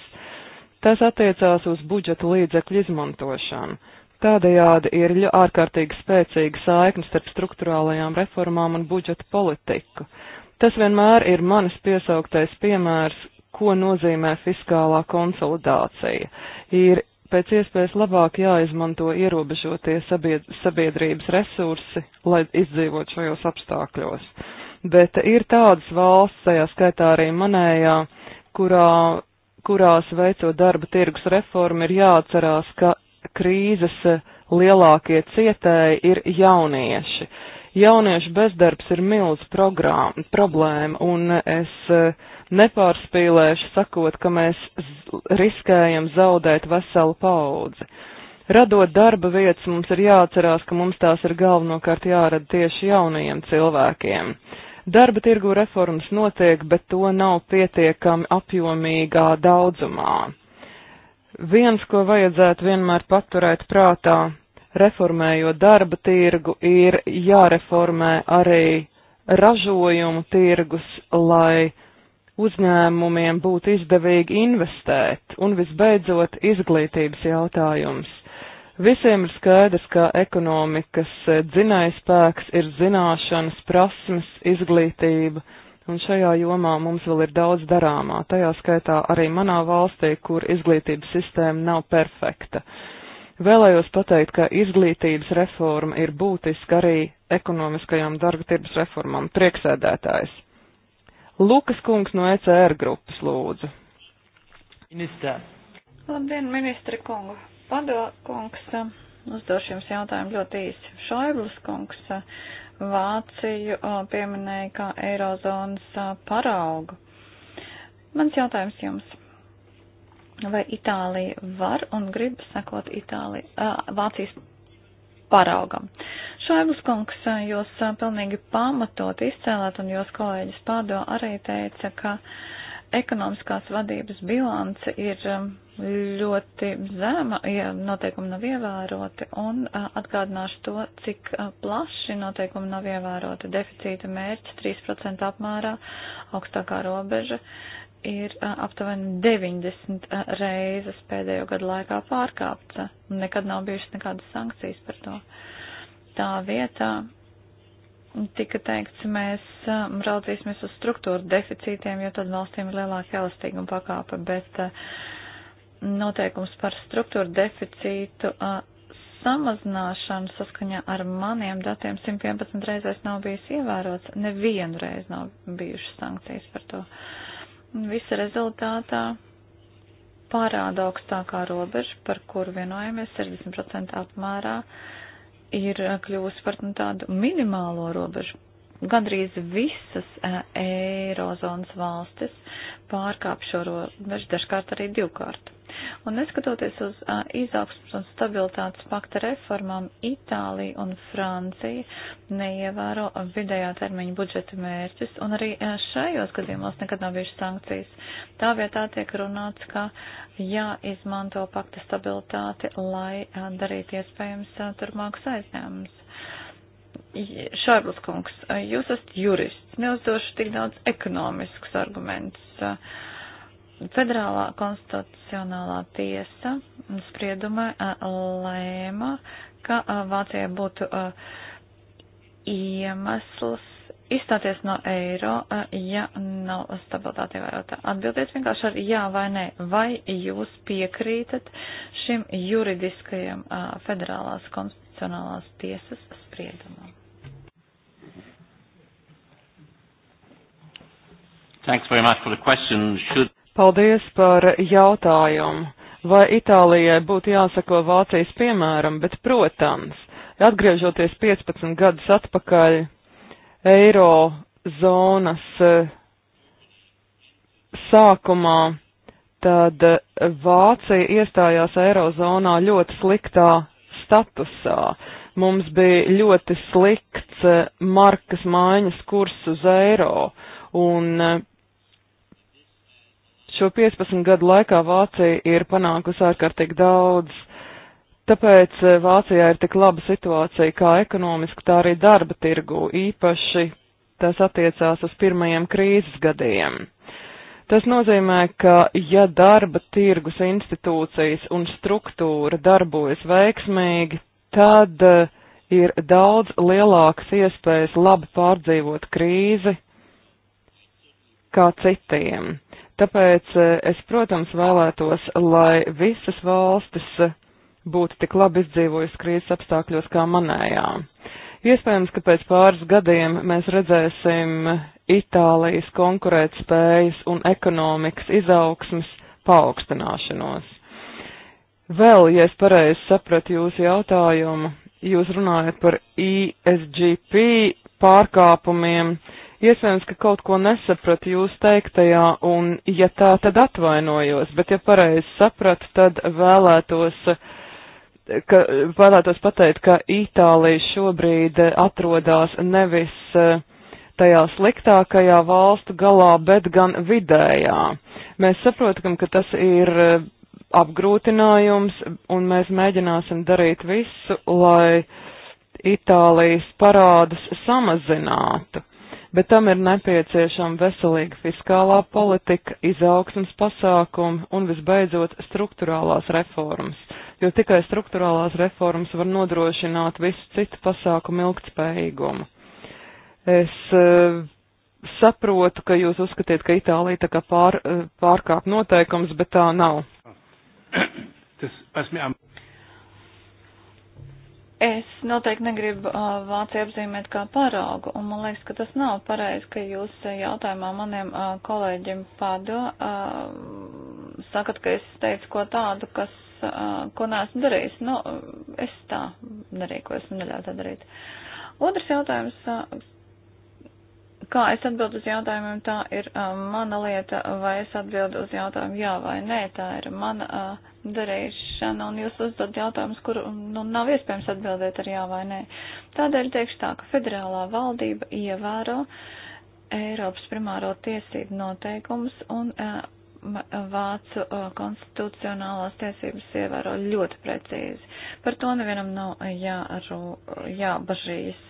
Tas attiecās uz budžeta līdzekļu izmantošanu. Tādējādi ir ārkārtīgi spēcīga saikne starp struktūrālajām reformām un budžeta politiku. Tas vienmēr ir manis piesauktais piemērs, ko nozīmē fiskālā konsolidācija. Ir pēc iespējas labāk jāizmanto ierobežotie sabiedrības resursi, lai izdzīvot šajos apstākļos. Bet ir tādas valsts, tajā skaitā arī manējā, kurā kurās veicot darba tirgus reformu, ir jāatcerās, ka krīzes eh, lielākie cietēji ir jaunieši. Jauniešu bezdarbs ir milz problēma, un es eh, nepārspīlēšu sakot, ka mēs riskējam zaudēt veselu paudzi. Radot darba vietas, mums ir jāatcerās, ka mums tās ir galvenokārt jārada tieši jaunajiem cilvēkiem. Darba tirgu reformas notiek, bet to nav pietiekami apjomīgā daudzumā. Viens, ko vajadzētu vienmēr paturēt prātā, reformējot darba tirgu, ir jāreformē arī ražojumu tirgus, lai uzņēmumiem būtu izdevīgi investēt, un visbeidzot izglītības jautājums. Visiem ir skaidrs, ka ekonomikas dzinējspēks ir zināšanas, prasmes, izglītība un šajā jomā mums vēl ir daudz darāmā, tajā skaitā arī manā valstī, kur izglītības sistēma nav perfekta. Vēlējos pateikt, ka izglītības reforma ir būtiska arī ekonomiskajām darba tirgus reformām. Prieksēdētājs. Lukas kungs no ECR grupas lūdzu. Ministrā. Labdien, ministra kungu. Pado kungs, uzdošu jums jautājumu ļoti īsi. Šaiblis kungs Vāciju pieminēja kā Eirozonas paraugu. Mans jautājums jums. Vai Itālija var un grib sekot Itālija, Vācijas paraugam? Šaibus kungs, jūs pilnīgi pamatot izcēlēt un jūs kolēģis pārdo arī teica, ka ekonomiskās vadības bilance ir ļoti zema, ja noteikumi nav ievēroti, un atgādināšu to, cik plaši noteikumi nav ievēroti. Deficīta mērķis 3% apmērā, augstākā robeža ir aptuveni 90 reizes pēdējo gadu laikā pārkāpta, un nekad nav bijušas nekādas sankcijas par to. Tā vietā tika teikts, mēs raudzīsimies uz struktūru deficītiem, jo tad valstīm ir lielāka elastīguma pakāpe, bet uh, noteikums par struktūra deficītu samazināšanu saskaņā ar maniem datiem 111 reizēs nav bijis ievērots, nevienu reizi nav bijušas sankcijas par to. Visa rezultātā pārāda augstākā robeža, par kuru vienojamies 60% apmērā, ir kļuvusi par nu, tādu minimālo robežu. Gandrīz visas eirozonas valstis pārkāp šo robežu, dažkārt arī divkārt. Un neskatoties uz uh, izaugsmas un stabilitātes pakta reformām, Itālija un Francija neievēro vidējā termiņa budžeta mērķus, un arī uh, šajos gadījumos nekad nav bijušas sankcijas. Tā vietā tiek runāts, ka jāizmanto pakta stabilitāti, lai uh, darītu iespējams uh, turpmākus aizņēmumus. Šārlis kungs, jūs esat jurists, neuzdošu tik daudz ekonomiskus argumentus. Uh, Federālā konstitucionālā tiesa spriedumā lēma, ka Vācijai būtu iemesls izstāties no eiro, ja nav stabilitāte ievērota. Atbildiet vienkārši ar jā vai nē, vai jūs piekrītat šim juridiskajam federālās konstitucionālās tiesas spriedumam. Thanks very much for the question. Should Paldies par jautājumu. Vai Itālijai būtu jāsako Vācijas piemēram, bet, protams, atgriežoties 15 gadus atpakaļ, eiro zonas eh, sākumā, tad Vācija iestājās eirozonā ļoti sliktā statusā. Mums bija ļoti slikts eh, markas maiņas kurs uz eiro, un eh, Šo 15 gadu laikā Vācija ir panākusi ārkārtīgi daudz. Tāpēc eh, Vācijā ir tik laba situācija kā ekonomiski, tā arī darba tirgu, īpaši tas attiecās uz pirmajiem krīzes gadiem. Tas nozīmē, ka ja darba tirgus institūcijas un struktūra darbojas veiksmīgi, tad eh, ir daudz lielākas iespējas labi pārdzīvot krīzi kā citiem. Tāpēc e, es, protams, vēlētos, lai visas valstis e, būtu tik labi izdzīvojusi krīzes apstākļos kā manējā. Iespējams, ka pēc pāris gadiem mēs redzēsim e, Itālijas konkurētspējas un ekonomikas izaugsmas paaugstināšanos. Vēl, ja es pareizi sapratu jūsu jautājumu, jūs runājat par ESGP pārkāpumiem, uh, Iespējams, ka kaut ko nesapratu jūs teiktajā, un ja tā, tad atvainojos, bet ja pareizi sapratu, tad vēlētos, ka, vēlētos pateikt, ka Itālija šobrīd atrodas nevis eh, tajā sliktākajā valstu galā, bet gan vidējā. Mēs saprotam, ka tas ir eh, apgrūtinājums, un mēs mēģināsim darīt visu, lai Itālijas parādus samazinātu bet tam ir nepieciešama veselīga fiskālā politika, izaugsmas pasākumi un visbeidzot struktūrālās reformas, jo tikai struktūrālās reformas var nodrošināt visu citu pasākumu ilgtspējīgumu. Es uh, saprotu, ka jūs uzskatiet, ka Itālija tā kā pār, eh, pārkāp noteikums, bet tā nav. Tas, Es noteikti negribu uh, Vāciju apzīmēt kā paraugu, un man liekas, ka tas nav pareizi, ka jūs jautājumā maniem uh, kolēģiem pado uh, sakat, ka es teicu ko tādu, kas, uh, ko neesmu darījis. Nu, es tā nerīkojos un neļauju tā darīt. Otrs jautājums, uh, kā es atbildu uz jautājumiem, tā ir uh, mana lieta, vai es atbildu uz jautājumu jā vai nē, tā ir mana uh, darīšana, un jūs uzdod jautājumus, kur nu, nav iespējams atbildēt ar jā vai nē. Tādēļ teikšu tā, ka federālā valdība ievēro Eiropas primāro tiesību noteikumus un uh, Vācu uh, konstitucionālās tiesības ievēro ļoti precīzi. Par to nevienam nav jāru, jābažīs.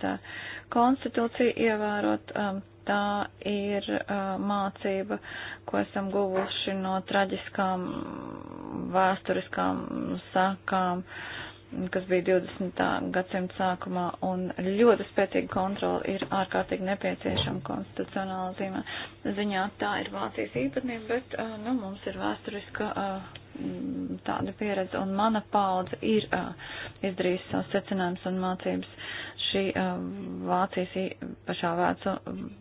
Konstitūcija ievērot, um, tā ir uh, mācība, ko esam guvuši no traģiskām vēsturiskām sakām kas bija 20. gadsimta sākumā, un ļoti spēcīga kontrola ir ārkārtīgi nepieciešama konstitucionāla zīmē. Ziņā tā ir Vācijas īpatnība, bet nu, mums ir vēsturiska tāda pieredze, un mana paudze ir izdarījusi savus secinājumus un mācības. Šī Vācijas pašā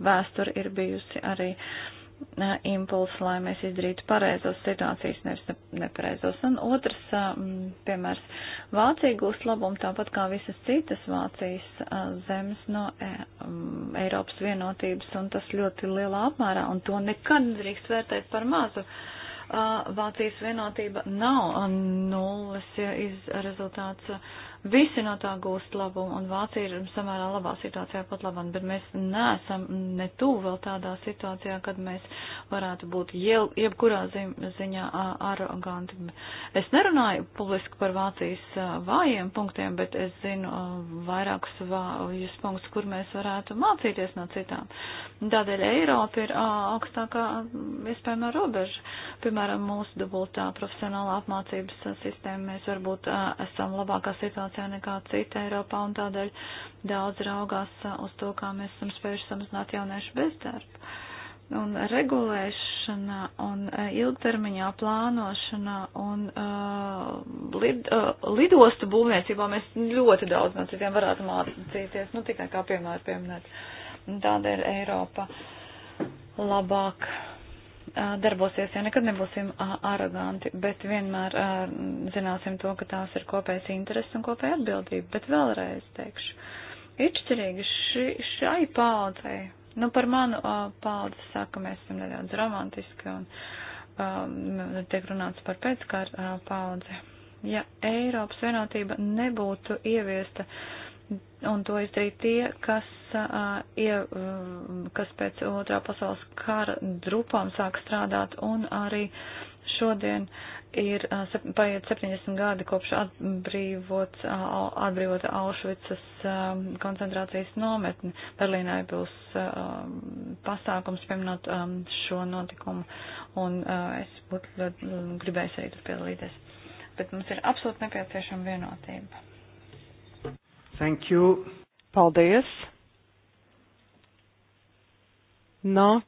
vēsture ir bijusi arī impulsu, lai mēs izdarītu pareizos situācijas, nevis nepareizos. Un otrs, piemērs, Vācija gūst labumu tāpat kā visas citas Vācijas zemes no Eiropas vienotības, un tas ļoti lielā apmērā, un to nekad nedrīkst vērtēt par mazu. Vācijas vienotība nav nulles rezultāts Visi no tā gūst labumu, un Vācija ir samērā labā situācijā pat labam, bet mēs neesam ne tuvu vēl tādā situācijā, kad mēs varētu būt jeb, jebkurā ziņā aroganti. Es nerunāju publiski par Vācijas vājiem punktiem, bet es zinu vairākus vājus punktus, kur mēs varētu mācīties no citām. Tādēļ Eiropa ir augstākā iespējamā robeža. Piemēram, mūsu dubultā profesionālā apmācības sistēma mēs varbūt esam labākā situācijā situācijā nekā cita Eiropā, un tādēļ daudz raugās uh, uz to, kā mēs esam spējuši samazināt jauniešu bezdarbu. Un regulēšana un uh, ilgtermiņā plānošana un uh, lid, uh, lidostu būvniecībā mēs ļoti daudz no citiem varētu mācīties, nu tikai kā piemēru pieminēt. Tādēļ Eiropa labāk darbosies, ja nekad nebūsim aroganti, bet vienmēr zināsim to, ka tās ir kopējas intereses un kopēja atbildība. Bet vēlreiz teikšu, izšķirīgi ši, šai paudzei, nu par manu paudzi saka, mēs esam nedaudz romantiski un um, tiek runāts par pēckara paudzi. Ja Eiropas vienotība nebūtu ieviesta uh, un to izdarīja tie, kas, uh, ie, uh, kas pēc otrā pasaules kara drupām sāk strādāt, un arī šodien ir uh, paiet 70 gadi kopš atbrīvots, uh, atbrīvota Aušvicas uh, koncentrācijas nometne. Berlīnai būs uh, pasākums pieminot um, šo notikumu, un uh, es būtu ļoti gribējis arī tur piedalīties. Bet mums ir absolūti nepieciešama vienotība. Thank you. Paldies. Nākamais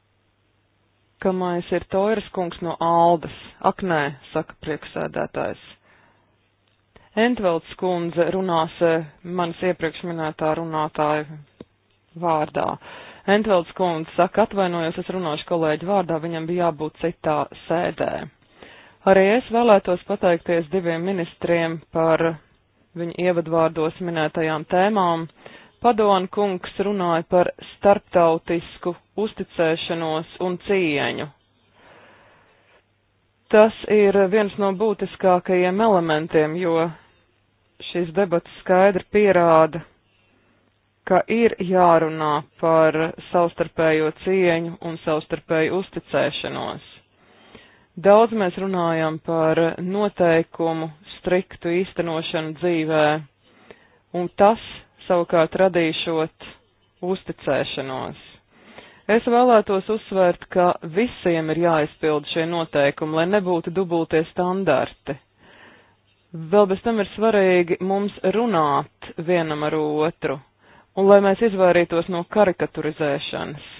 ir Toiras kungs no Aldas. Ak, nē, saka prieksēdētājs. Entvelds kundze runās eh, manas iepriekš minētā runātāja vārdā. Entvelds kundze saka, atvainojos, es runāšu kolēģi vārdā, viņam bija jābūt citā sēdē. Arī es vēlētos pateikties diviem ministriem par viņa ievadvārdos minētajām tēmām. Padona kungs runāja par starptautisku uzticēšanos un cieņu. Tas ir viens no būtiskākajiem elementiem, jo šīs debatas skaidri pierāda, ka ir jārunā par savstarpējo cieņu un savstarpēju uzticēšanos. Daudz mēs runājam par noteikumu striktu īstenošanu dzīvē, un tas savukārt radīšot uzticēšanos. Es vēlētos uzsvērt, ka visiem ir jāizpild šie noteikumi, lai nebūtu dubultie standarti. Vēl bez tam ir svarīgi mums runāt vienam ar otru, un lai mēs izvairītos no karikaturizēšanas.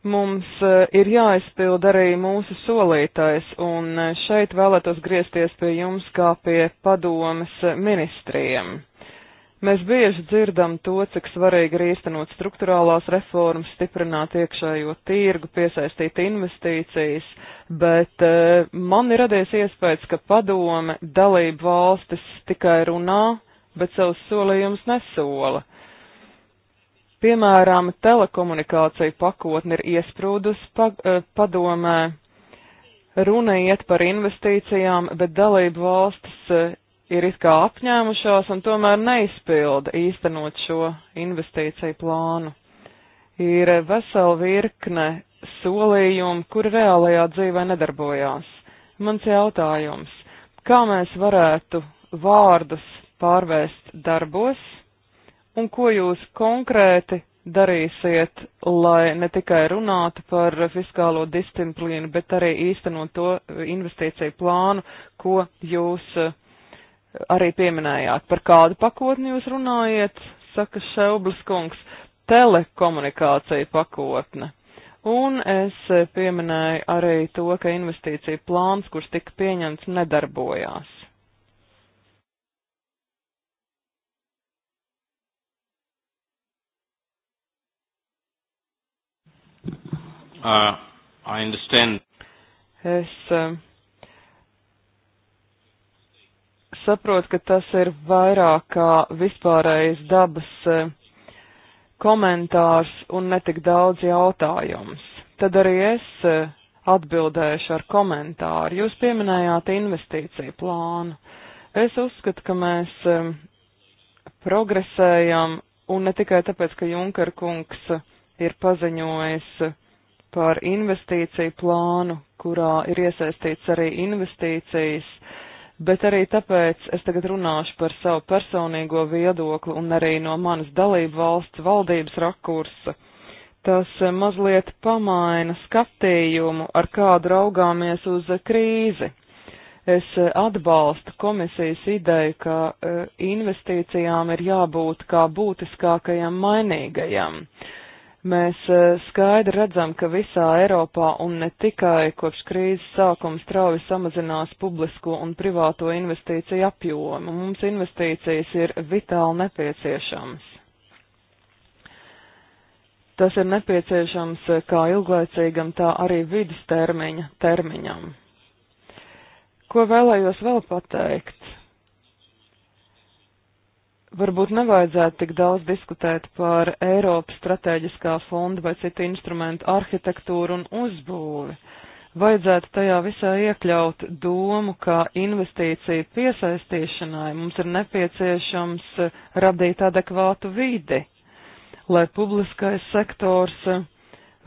Mums eh, ir jāizpild arī mūsu solītais, un eh, šeit vēlētos griezties pie jums kā pie padomes ministriem. Mēs bieži dzirdam to, cik svarīgi ir īstenot struktūrālās reformas, stiprināt iekšējo tirgu, piesaistīt investīcijas, bet eh, man ir radies iespējas, ka padome dalību valstis tikai runā, bet savus solījumus nesola. Piemēram, telekomunikāciju pakotne ir iesprūdus pa, eh, padomē. Runa iet par investīcijām, bet dalību valstis eh, ir it kā apņēmušās un tomēr neizpilda īstenot šo investīciju plānu. Ir vesela virkne solījumu, kur reālajā dzīvē nedarbojās. Mans jautājums, kā mēs varētu vārdus pārvērst darbos? un ko jūs konkrēti darīsiet, lai ne tikai runātu par fiskālo disciplīnu, bet arī īstenot to investīciju plānu, ko jūs eh, arī pieminējāt. Par kādu pakotni jūs runājat, saka Šeublis kungs, telekomunikācija pakotne. Un es pieminēju arī to, ka investīcija plāns, kurš tika pieņemts, nedarbojās. Uh, I understand. Es uh, saprotu, ka tas ir vairāk kā vispārējais dabas uh, komentārs un netik daudz jautājums. Tad arī es uh, atbildēšu ar komentāru. Jūs pieminējāt investīciju plānu. Es uzskatu, ka mēs um, progresējam, un ne tikai tāpēc, ka Junker kungs ir paziņojis uh, par investīciju plānu, kurā ir iesaistīts arī investīcijas, bet arī tāpēc es tagad runāšu par savu personīgo viedokli un arī no manas dalību valsts valdības rakursa. Tas eh, mazliet pamaina skatījumu, ar kādu raugāmies uz krīzi. Es eh, atbalstu komisijas ideju, ka eh, investīcijām ir jābūt kā būtiskākajam mainīgajam. Uh, Mēs eh, skaidri redzam, ka visā Eiropā un ne tikai kopš krīzes sākuma strauji samazinās publisko un privāto investīciju apjomu. Mums investīcijas ir vitāli nepieciešamas. Tas ir nepieciešams eh, kā ilglaicīgam, tā arī vidustermiņa termiņam. Ko vēlējos vēl pateikt? varbūt nevajadzētu tik daudz diskutēt par Eiropas strateģiskā fonda vai citu instrumentu arhitektūru un uzbūvi. Vajadzētu tajā visā iekļaut domu, ka investīciju piesaistīšanai mums ir nepieciešams radīt adekvātu vidi, lai publiskais sektors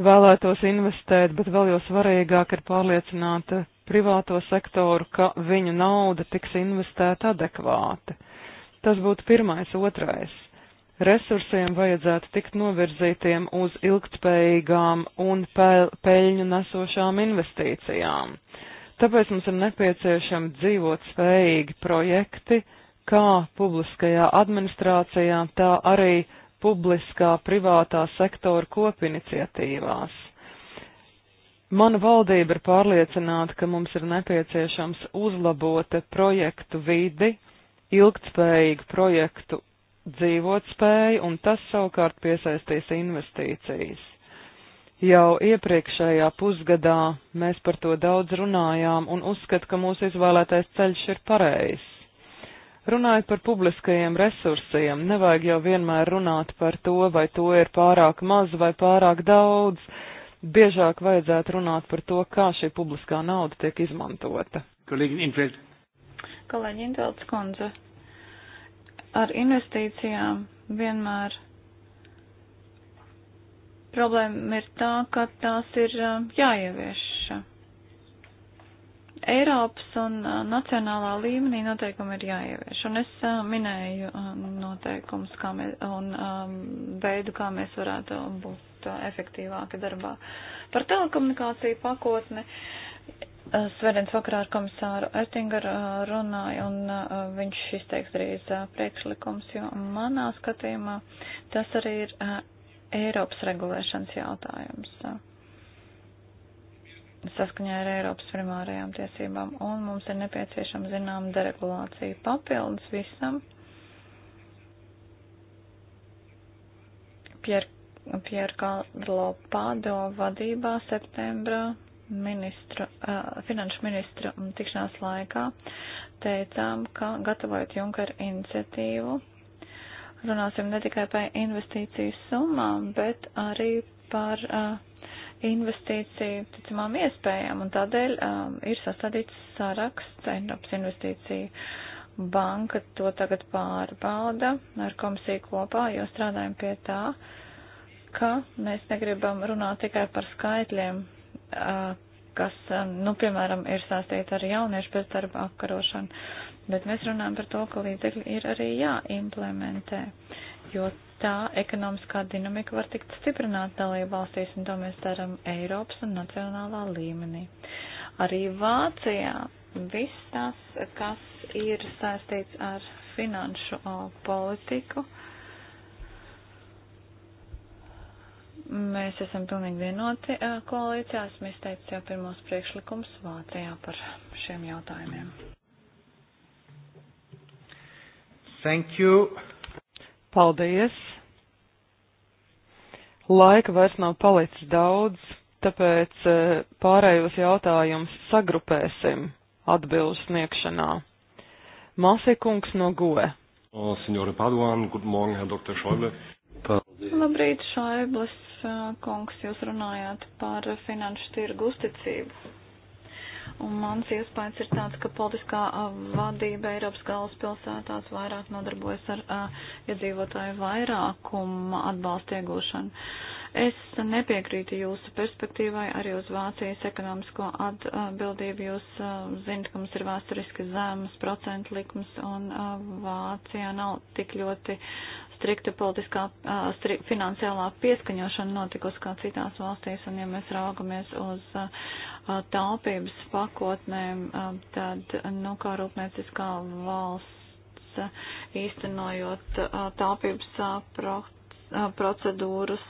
vēlētos investēt, bet vēl jau svarīgāk ir pārliecināt privāto sektoru, ka viņu nauda tiks investēta adekvāti. Tas būtu pirmais, otrais. Resursiem vajadzētu tikt novirzītiem uz ilgtspējīgām un peļņu nesošām investīcijām. Tāpēc mums ir nepieciešami dzīvot spējīgi projekti, kā publiskajā administrācijā, tā arī publiskā privātā sektora kopiniciatīvās. Mana valdība ir pārliecināta, ka mums ir nepieciešams uzlabot projektu vidi, ilgtspējīgu projektu dzīvotspēju, un tas savukārt piesaistīs investīcijas. Jau iepriekšējā pusgadā mēs par to daudz runājām un uzskat, ka mūsu izvēlētais ceļš ir pareizs. Runājot par publiskajiem resursiem, nevajag jau vienmēr runāt par to, vai to ir pārāk maz vai pārāk daudz. Biežāk vajadzētu runāt par to, kā šī publiskā nauda tiek izmantota. Kolēģi Infeld, Kolēģi Intelts kundze, ar investīcijām vienmēr problēma ir tā, ka tās ir jāievieš. Eiropas un nacionālā līmenī noteikumi ir jāievieš. Un es minēju noteikumus mēs, un veidu, kā mēs varētu būt efektīvāki darbā. Par telekomunikāciju pakotni Eh, Svētdienas vakarā ar komisāru Ettingeru eh, runāju, un eh, viņš izteiks drīz priekšlikums, jo manā skatījumā tas arī ir Eiropas regulēšanas jautājums. Saskaņā ar Eiropas primārajām tiesībām, un mums ir nepieciešama zinām deregulācija papildus visam. Pierre Pierre Carlo Pado vadībā septembrā ministru, eh, finanšu ministru tikšanās laikā teicām, ka gatavojot Junkara iniciatīvu, runāsim ne tikai par investīciju summām, bet arī par eh, investīciju ticamām iespējām. Un tādēļ eh, ir sastādīts saraksts Eiropas investīciju banka to tagad pārbauda ar komisiju kopā, jo strādājam pie tā, ka mēs negribam runāt tikai par skaitļiem, kas, nu, piemēram, ir sāstīta ar jauniešu bezdarba apkarošanu, bet mēs runājam par to, ka līdzekļi ir arī jāimplementē, jo tā ekonomiskā dinamika var tikt stiprināta dalību valstīs, un to mēs darām Eiropas un nacionālā līmenī. Arī Vācijā viss tas, kas ir saistīts ar finanšu politiku, uh, Mēs esam pilnīgi vienoti koalīcijā. Esmu izteicis jau pirmos priekšlikumus Vācijā par šiem jautājumiem. Thank you. Paldies. Laika vairs nav palicis daudz, tāpēc pārējos jautājumus sagrupēsim atbildes sniegšanā. Masikungs no Goe. Oh, Signore Paduan, good morning, Herr Dr. Schäuble. Paldies. Labrīt, Šaibles kungs, jūs runājāt par finanšu tirgu uzticību. Un mans iespējas ir tāds, ka politiskā vadība Eiropas galvaspilsētās vairāk nodarbojas ar iedzīvotāju ja vairākumu atbalstu iegūšanu. Es nepiekrītu jūsu perspektīvai arī uz Vācijas ekonomisko atbildību. Jūs zinat, ka mums ir vēsturiski zemes procentu likums un Vācijā nav tik ļoti strikta politiskā, stri, finansiālā pieskaņošana notikusi kā citās valstīs, un ja mēs raugamies uz taupības pakotnēm, tad, nu, kā rūpnieciskā valsts īstenojot taupības procedūras,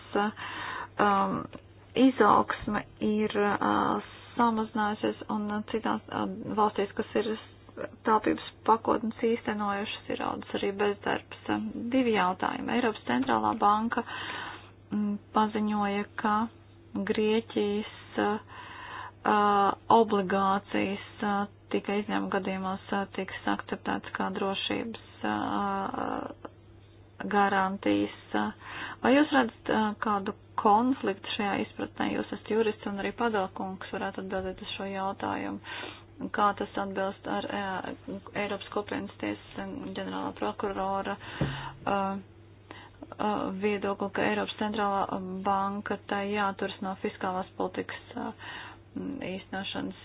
izaugsme ir samazinājusies, un citās valstīs, kas ir taupības pakotnes īstenojušas ir audas arī bezdarbs. Divi jautājumi. Eiropas centrālā banka mm, paziņoja, ka Grieķijas obligācijas tikai izņēmuma gadījumos tiks akceptētas kā drošības garantijas. Vai jūs redzat kādu konfliktu šajā izpratnē? Jūs esat jurists un arī padalkungs varētu atbildēt uz šo jautājumu kā tas atbilst ar Eiropas kopienas tiesas ģenerālā prokurora viedokli, ka Eiropas centrālā banka tai jāturas no fiskālās politikas īstenošanas,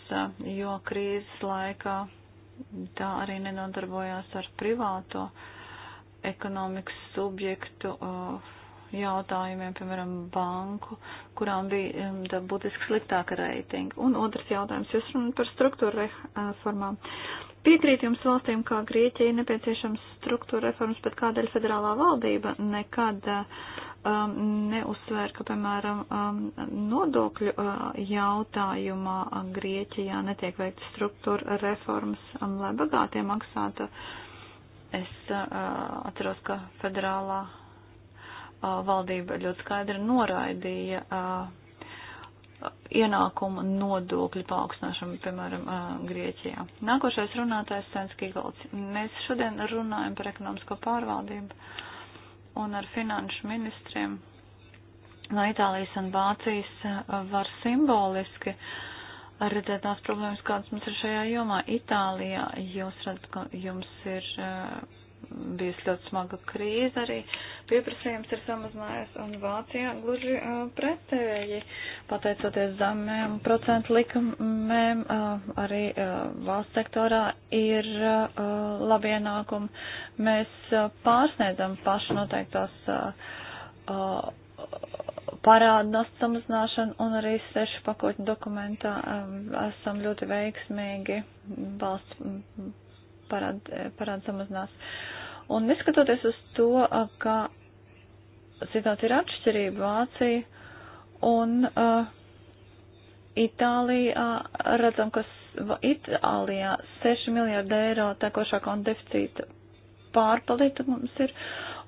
jo krīzes laikā tā arī nenodarbojās ar privāto ekonomikas subjektu uh, jautājumiem, piemēram, banku, kurām bija um, būtiski sliktāka reitinga. Un otrs jautājums, jūs runājat par struktūra reformām. Piekrīt jums valstīm, kā Grieķija, nepieciešams struktūra reformas, bet kādēļ federālā valdība nekad um, neuzsver, ka, piemēram, um, nodokļu uh, jautājumā Grieķijā netiek veikta struktūra reformas, um, lai bagātie maksātu. Es uh, atceros, ka federālā valdība ļoti skaidri noraidīja ienākumu nodokļu paaugstināšanu, piemēram, Grieķijā. Nākošais runātājs Sens Kigalds. Mēs šodien runājam par ekonomisko pārvaldību un ar finanšu ministriem no Itālijas un Vācijas var simboliski redzēt tās problēmas, kādas mums ir šajā jomā. Itālijā jūs redzat, ka jums ir uh, bijusi ļoti smaga krīze arī, pieprasījums ir samazinājies, un Vācijā gluži uh, pretēji, pateicoties zemēm procentu likumēm, uh, arī uh, valsts sektorā ir uh, labi ienākumi. Mēs uh, pārsniedzam paši noteiktos. Uh, uh, parādu nastu samazināšanu un arī sešu pakotu dokumentā um, esam ļoti veiksmīgi valsts parāda parād samazinās. Un neskatoties uz to, ka situācija ir atšķirība Vācija un uh, Itālijā, redzam, ka Itālijā 6 miljārdi eiro tekošā konta deficīta pārpalīta mums ir,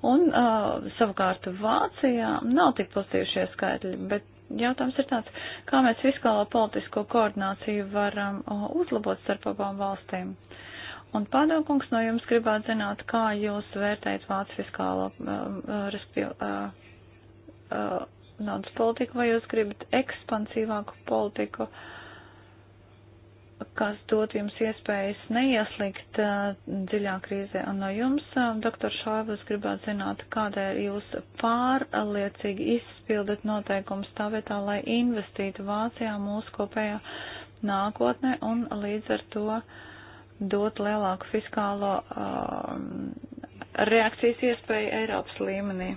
un uh, savukārt Vācijā nav tik pozitīvi šie skaitļi, bet jautājums ir tāds, kā mēs fiskālo politisko koordināciju varam uzlabot starp abām valstīm. Uh, Un pārdokungs no jums gribētu zināt, kā jūs vērtējat Vācu fiskālo uh, uh, naudas politiku, vai jūs gribat ekspansīvāku politiku, kas dot jums iespējas neieslīgt uh, dziļā krīzē. Un no jums, uh, doktor Šāvis, gribētu zināt, kādēļ jūs pārliecīgi izpildat noteikumus tā vietā, lai investītu Vācijā mūsu kopējā nākotnē un līdz ar to. Uh, dot lielāku fiskālo uh, reakcijas iespēju Eiropas līmenī.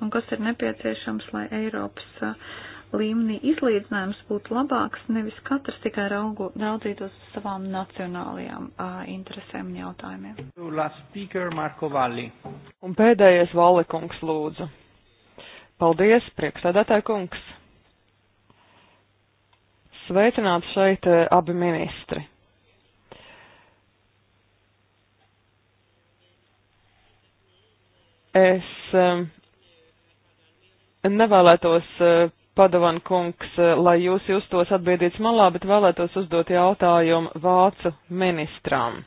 Un kas ir nepieciešams, lai Eiropas uh, līmenī izlīdzinājums būtu labāks, nevis katrs tikai raugu, raudzītos uz savām nacionālajām uh, interesēm un jautājumiem. Speaker, un pēdējais Valikungs lūdzu. Paldies, priekšsēdētāja kungs! Sveicināts šeit eh, abi ministri! Es um, nevēlētos, uh, Padovan kungs, uh, lai jūs justos atbiedīts malā, bet vēlētos uzdot jautājumu Vācu ministram.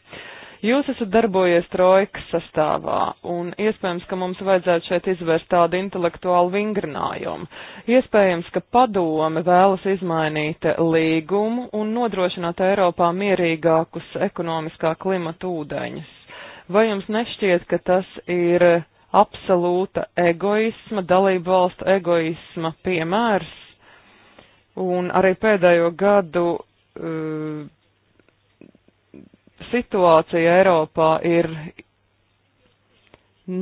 Jūs esat darbojies trojkas sastāvā, un iespējams, ka mums vajadzētu šeit izvērst tādu intelektuālu vingrinājumu. Iespējams, ka padome vēlas izmainīt līgumu un nodrošināt Eiropā mierīgākus ekonomiskā klimata ūdeņus. Vai jums nešķiet, ka tas ir absolūta egoisma, dalību valstu egoisma piemērs, un arī pēdējo gadu uh, situācija Eiropā ir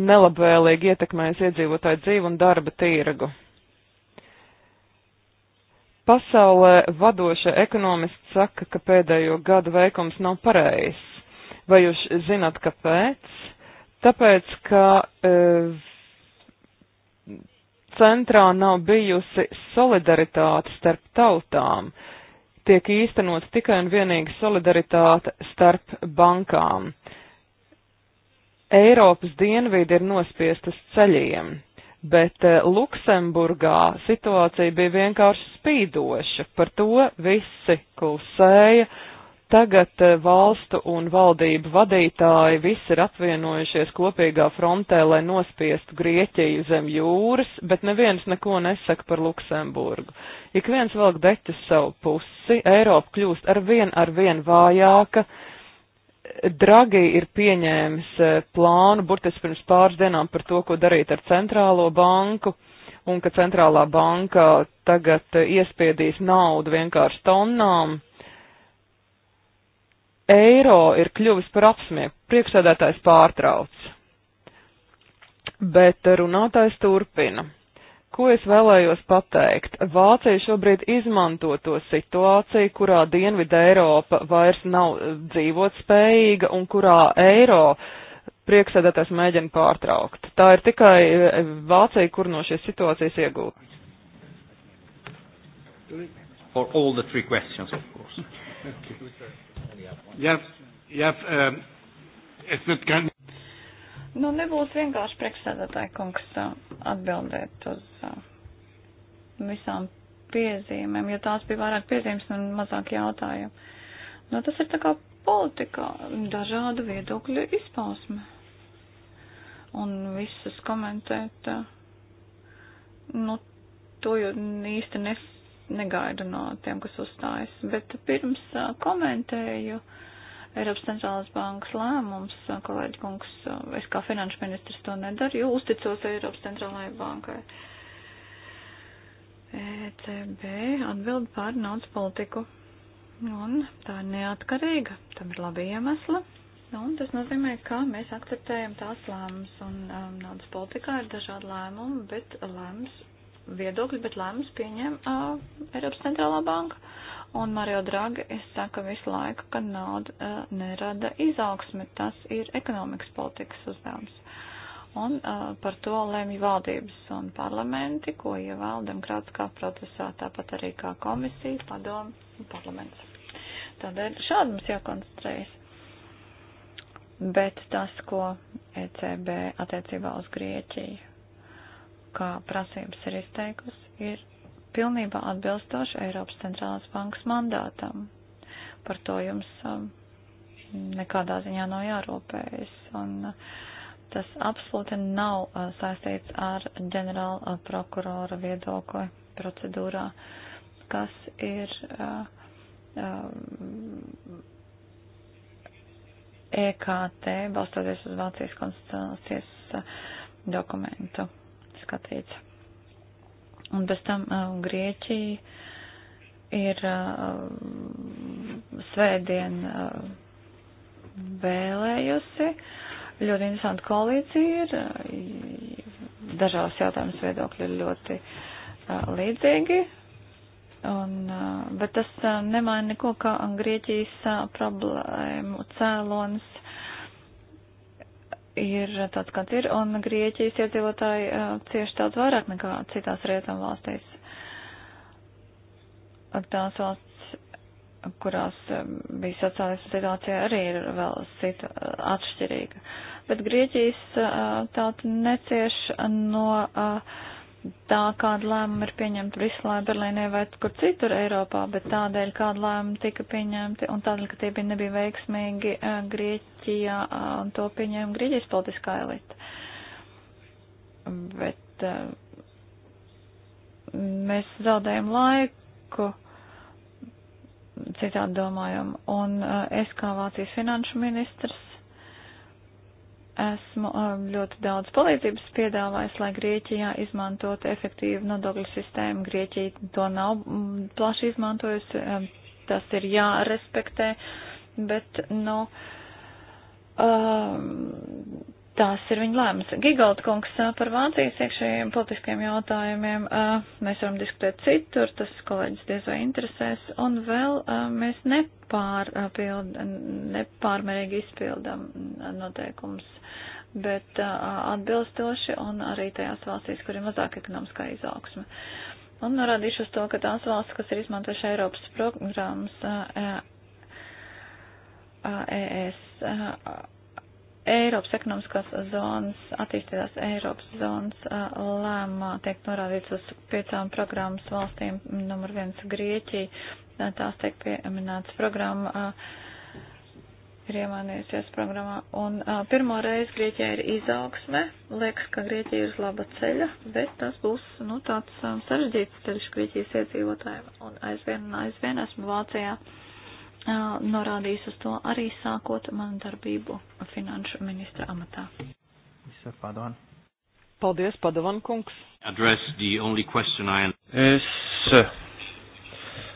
nelabvēlīgi ietekmējusi iedzīvotāju dzīvu un darba tirgu. Pasaulē vadošie ekonomisti saka, ka pēdējo gadu veikums nav pareizs. Vai jūs zināt, kāpēc? Tāpēc, ka e, centrā nav bijusi solidaritāte starp tautām, tiek īstenot tikai un vienīgi solidaritāte starp bankām. Eiropas dienvīdi ir nospiestas ceļiem, bet e, Luksemburgā situācija bija vienkārši spīdoša, par to visi klusēja, Tagad eh, valstu un valdību vadītāji visi ir apvienojušies kopīgā frontē, lai nospiestu Grieķiju zem jūras, bet neviens neko nesaka par Luksemburgu. Ik viens velk deķus savu pusi, Eiropa kļūst ar vien ar vien vājāka, Dragi ir pieņēmis eh, plānu burtiski pirms pāris dienām par to, ko darīt ar centrālo banku, un ka centrālā banka tagad eh, iespiedīs naudu vienkārši tonnām eiro ir kļuvis par apsmieku. Priekšsēdētājs pārtrauc. Bet runātājs turpina. Ko es vēlējos pateikt? Vācija šobrīd izmanto to situāciju, kurā Dienvidē Eiropa vairs nav eh, dzīvot spējīga un kurā eiro prieksēdētājs mēģina pārtraukt. Tā ir tikai eh, Vācija, kur no šīs situācijas iegūt. For all the three questions, of course. (laughs) Okay. Ja, ja, um, es wird gan. Nu, nebūs vienkārši priekšsēdētāji kungs atbildēt uz visām piezīmēm, jo tās bija vairāk piezīmes un mazāk jautājumu. Nu, tas ir tā kā politikā dažādu viedokļu izpausme. Un visus komentēt, nu, to jau īsti nes, negaidu no tiem, kas uzstājas. Bet pirms komentēju, uh, Eiropas centrālās bankas lēmums, kolēģi kungs, es kā finanšu ministrs to nedaru, jo uzticos Eiropas centrālajai bankai. ECB atbild par naudas politiku. Un tā ir neatkarīga, tam ir labi iemesli. Un tas nozīmē, ka mēs akceptējam tās lēmumus. Un um, naudas politikā ir dažādi lēmumi, bet lēmums, viedokļi, bet lēmums pieņem uh, Eiropas centrālā banka. Uh, Un Mario Dragi saka visu laiku, ka nauda uh, nerada izaugsmi, tas ir ekonomikas politikas uzdevums. Un uh, par to lemj valdības un parlamenti, ko ievēl demokrātiskā procesā, tāpat arī kā komisija, padomu un parlaments. Tādēļ šādi mums jākoncentrējas. Bet tas, ko ECB attiecībā uz Grieķiju kā prasības ir izteikusi, ir pilnībā atbilstoši Eiropas centrālās bankas mandātam. Par to jums um, nekādā ziņā nav jārūpējas. Un uh, tas absolūti nav uh, saistīts ar ģenerāla uh, prokurora viedokli procedūrā, kas ir um, EKT, balstoties uz Vācijas konstitūcijas dokumentu skatīts. Un bez tam uh, eh, Grieķija ir uh, svētdien uh, vēlējusi. Ļoti interesanti koalīcija ir. Uh, dažās jautājumas viedokļi ir ļoti uh, līdzīgi. Un, uh, bet tas uh, nemaina neko, ka Grieķijas uh, problēmu cēlonis ir tāds, kāds ir, un Grieķijas iedzīvotāji cieši daudz vairāk nekā citās rietumu valstīs. Tās valsts, kurās bija sociālisma situācija, arī ir vēl situ, atšķirīga. Bet Grieķijas tauta necieš no. Uh, tā, kāda lēmuma ir pieņemta Briselē, Berlīnē vai kur citur Eiropā, bet tādēļ, kāda lēmuma tika pieņemta un tādēļ, ka tie bija nebija veiksmīgi Grieķijā un to pieņēma Grieķijas politiskā elita. Bet mēs zaudējam laiku citādi domājam. Un es kā Vācijas finanšu ministrs Esmu um, ļoti daudz palīdzības piedāvājis, lai Grieķijā izmantotu efektīvu nodokļu sistēmu. Grieķija to nav mm, plaši izmantojusi, um, tas ir jārespektē, bet, nu, um, tās ir viņa lēmas. Gigalda kungs uh, par Vācijas iekšējiem politiskajiem jautājumiem uh, mēs varam diskutēt citur, tas kolēģis diez vai interesēs, un vēl uh, mēs nepārpild, nepārmērīgi izpildam noteikumus bet atbilstoši un arī tajās valstīs, kur ir mazāk ekonomiskā izaugsme. Un norādīšu uz to, ka tās valsts, kas ir izmantojuši Eiropas programmas ES, Eiropas ekonomiskās zonas, attīstītās Eiropas zonas lēmā tiek norādīts uz piecām programmas valstīm, numur viens Grieķija, tās tiek pieminētas programma. A, ir iemānījusies programmā. Un uh, pirmo reizi Grieķijā ir izaugsme. Liekas, ka Grieķija ir uz laba ceļa, bet tas būs nu, tāds um, sarežģīts ceļš Grieķijas iedzīvotājiem. Un aizvien un aizvien esmu Vācijā uh, norādījis uz to arī sākot manu darbību finanšu ministra amatā. Paldies, Padovan kungs. I... Es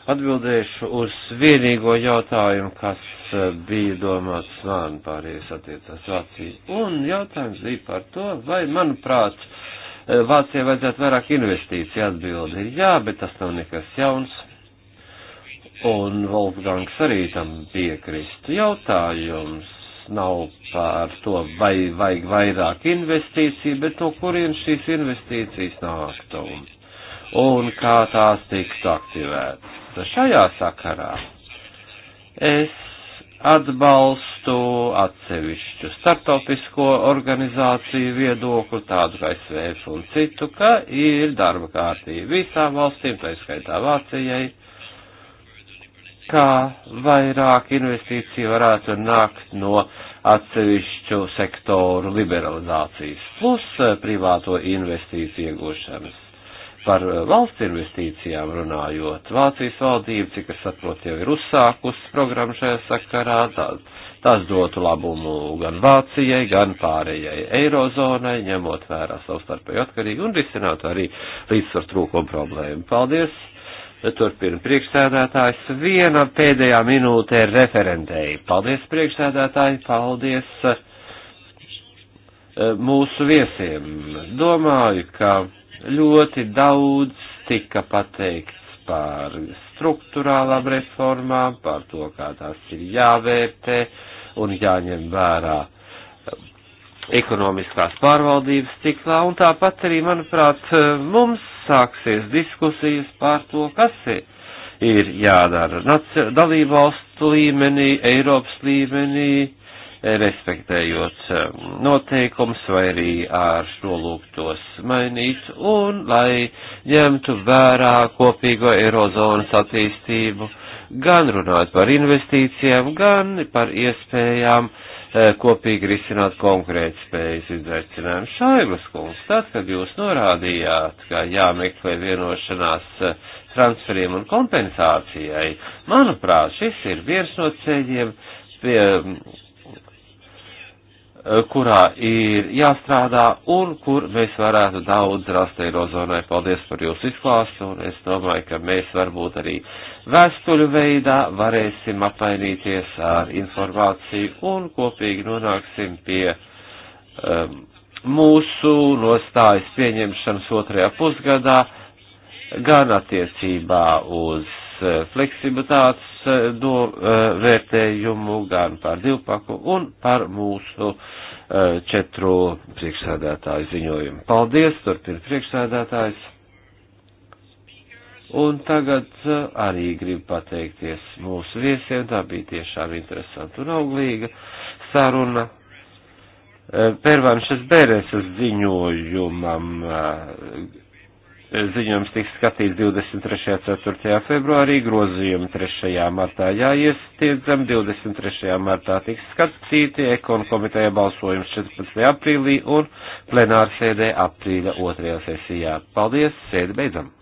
Atbildēšu uz vienīgo jautājumu, kas eh, bija domāts man pārējais attiecās Vācija. Un jautājums bija par to, vai, manuprāt, eh, Vācijai vajadzētu vairāk investīciju atbildi. Ir jā, bet tas nav nekas jauns. Un Wolfgangs arī tam piekrist. Jautājums nav par to, vai vajag vairāk investīciju, bet no kurien šīs investīcijas nāktu un kā tās tiktu aktivētas. Šajā sakarā es atbalstu atsevišķu startautisko organizāciju viedokli, tādu kā SVF un citu, ka ir darba kārtība visām valstīm, tā izskaitā Vācijai, kā vairāk investīciju varētu nākt no atsevišķu sektoru liberalizācijas plus privāto investīciju iegūšanas par eh, valsts investīcijām runājot. Vācijas valdība, cik es saprotu, jau ir uzsākusi programmu šajā sakarā. Tā, tas dotu labumu gan Vācijai, gan pārējai Eirozonai, ņemot vērā savstarpēji atkarīgi un risinātu arī līdzsvar trūkumu problēmu. Paldies! Turpina priekšsēdētājs. Viena pēdējā minūte ir referentēji. Paldies, priekšsēdētāji! Paldies! Eh, mūsu viesiem domāju, ka Ļoti daudz tika pateikts par struktūrālām reformām, par to, kā tās ir jāvērtē un jāņem vērā ekonomiskās pārvaldības ciklā, un tāpat arī, manuprāt, mums sāksies diskusijas par to, kas ir, ir jādara dalībvalstu līmenī, Eiropas līmenī, respektējot eh, noteikums vai arī ar nolūktos mainīt un lai ņemtu vērā kopīgo eirozonas attīstību, gan runāt par investīcijām, gan par iespējām eh, kopīgi risināt konkrēti spējas izaicinājumu. Šaibas kungs, tad, kad jūs norādījāt, ka jāmeklē vienošanās eh, transferiem un kompensācijai, manuprāt, šis ir viens no ceļiem pie kurā ir jāstrādā un kur mēs varētu daudz rast Eirozonai. Paldies par jūsu izklāstu un es domāju, ka mēs varbūt arī vēstuļu veidā varēsim apmainīties ar informāciju un kopīgi nonāksim pie um, mūsu nostājas pieņemšanas otrajā pusgadā gan attiecībā uz Eh, fleksibilitātes eh, do eh, vērtējumu gan par divpaku un par mūsu četru priekšsēdētāju ziņojumu. Paldies, turpina priekšsēdētājs. Un tagad arī gribu pateikties mūsu viesiem, tā bija tiešām interesanta un auglīga saruna. Pērvanšas Bereses ziņojumam Ziņojums tiks skatīts 23. 4. februārī, grozījumi 3. martā jāiestiedzam, 23. martā tiks skatīti, ekonu komiteja balsojums 14. aprīlī un plenārsēdē aprīļa 2. sesijā. Paldies, sēdi beidzam!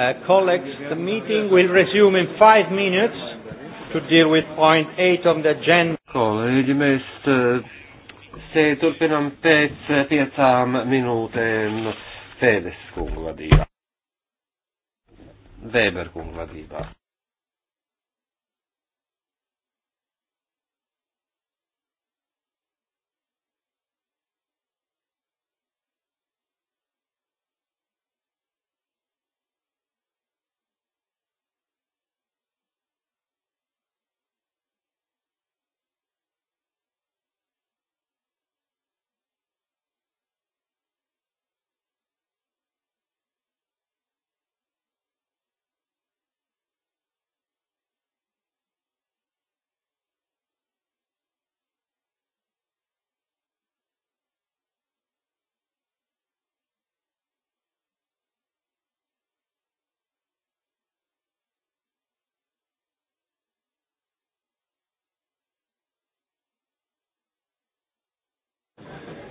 Uh, colleagues, the meeting will resume in five minutes to deal with point eight on the agenda. Kolēģi, mēs uh, sēdi turpinam pēc uh, piecām minūtēm Pēdes kungu vadībā. Weber kungu vadībā.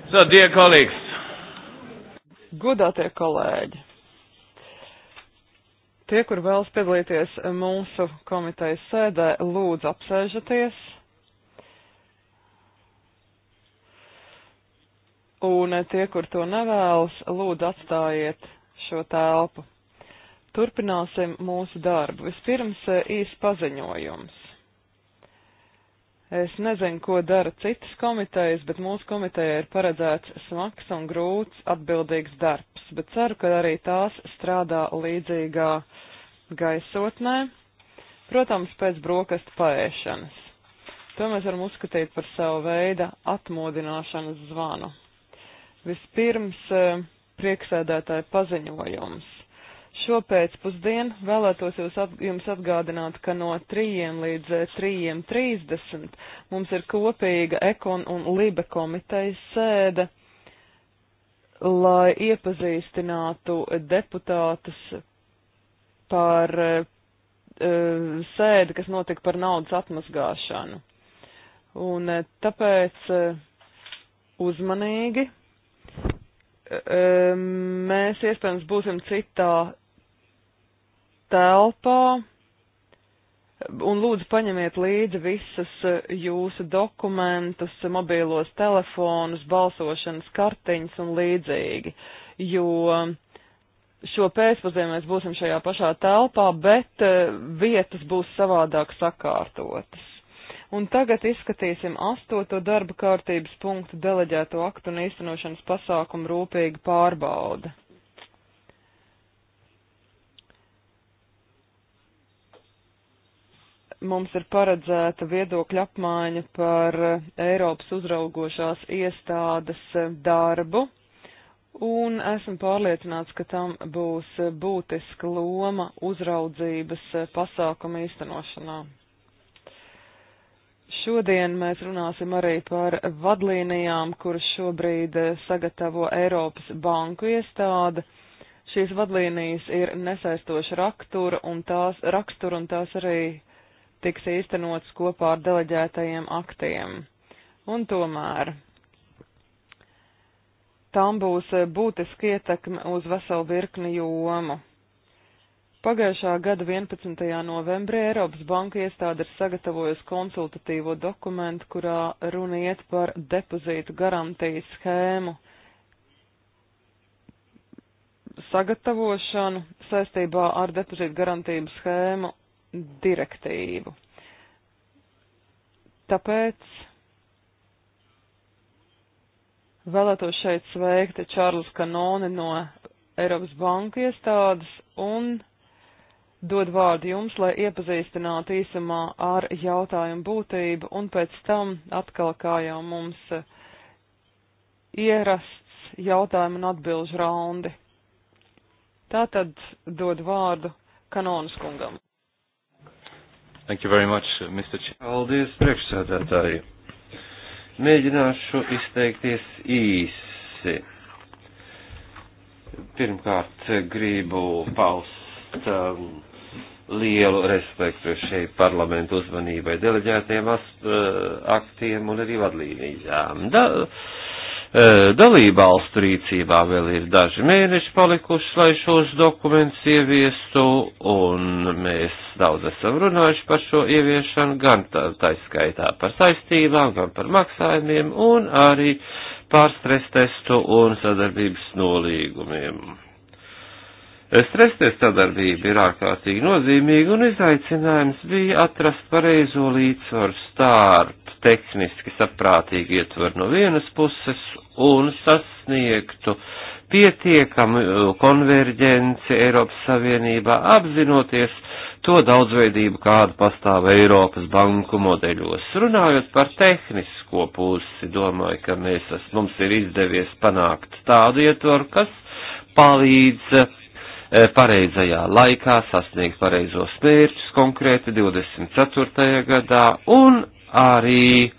So, dear colleagues. Godātie kolēģi. Tie, kur vēlas piedalīties mūsu komitejas sēdē, lūdzu apsēžaties. Un tie, kur to nevēlas, lūdzu atstājiet šo telpu. Turpināsim mūsu darbu. Vispirms eh, īs paziņojums. Es nezinu, ko dara citas komitejas, bet mūsu komiteja ir paredzēts smags un grūts atbildīgs darbs, bet ceru, ka arī tās strādā līdzīgā gaisotnē, protams, pēc brokastu paēšanas. To mēs varam uzskatīt par savu veidu atmodināšanas zvanu. Vispirms eh, prieksēdētāja paziņojums. Šo pēcpusdienu vēlētos jums atgādināt, ka no 3 līdz 3.30 eh, mums ir kopīga ekon un libe komitejas sēde, lai iepazīstinātu deputātus par uh, sēdi, kas notika par naudas atmazgāšanu. Un tāpēc uh, uzmanīgi mēs iespējams būsim citā telpā un lūdzu paņemiet līdzi visas eh, jūsu dokumentus, mobīlos telefonus, balsošanas kartiņas un līdzīgi, jo eh, šo pēcpazīmē mēs būsim šajā pašā telpā, bet eh, vietas būs savādāk sakārtotas. Un tagad izskatīsim astoto darba kārtības punktu deleģēto aktu un īstenošanas pasākumu rūpīga pārbauda. mums ir paredzēta viedokļa apmaiņa par Eiropas uzraugošās iestādes darbu, un esmu pārliecināts, ka tam būs būtiska loma uzraudzības pasākuma īstenošanā. Šodien mēs runāsim arī par vadlīnijām, kuras šobrīd sagatavo Eiropas banku iestāde. Šīs vadlīnijas ir nesaistoša rakstura un tās, rakstura un tās arī tiks īstenots kopā ar deleģētajiem aktiem. Un tomēr tam būs būtiski ietekme uz veselu virkni jomu. Pagājušā gada 11. novembrī Eiropas Banka iestāde ir sagatavojusi konsultatīvo dokumentu, kurā runa iet par depozītu garantijas schēmu sagatavošanu saistībā ar depozītu garantības schēmu direktīvu. Tāpēc vēlētos šeit sveikt Čārlis Kanoni no Eiropas Banku iestādes un dod vārdu jums, lai iepazīstinātu īsumā ar jautājumu būtību un pēc tam atkal kā jau mums ierasts jautājumu un atbilžu raundi. Tātad dod vārdu Kanonas kungam. Thank you very much, uh, Mr. Chair. Paldies, priekšsēdētāji. Mēģināšu izteikties īsi. Pirmkārt, gribu paust um, lielu respektu šeit parlamentu uzmanībai, deleģētiem ast, uh, aktiem un arī vadlīnijām. Da, uh, E, dalībvalstu rīcībā vēl ir daži mēneši palikuši, lai šos dokumentus ieviestu, un mēs daudz esam runājuši par šo ieviešanu, gan tā, tā skaitā par saistībām, gan par maksājumiem, un arī par stres testu un sadarbības nolīgumiem. Stres testa sadarbība ir ārkārtīgi nozīmīga, un izaicinājums bija atrast pareizo līdzsvaru starp tehniski saprātīgi ietver no vienas puses un sasniegtu pietiekamu konverģenci Eiropas Savienībā, apzinoties to daudzveidību, kāda pastāv Eiropas banku modeļos. Runājot par tehnisko pusi, domāju, ka mēs, mums ir izdevies panākt tādu ietvaru, kas palīdz e, pareizajā laikā sasniegt pareizos mērķus konkrēti 24. gadā un arī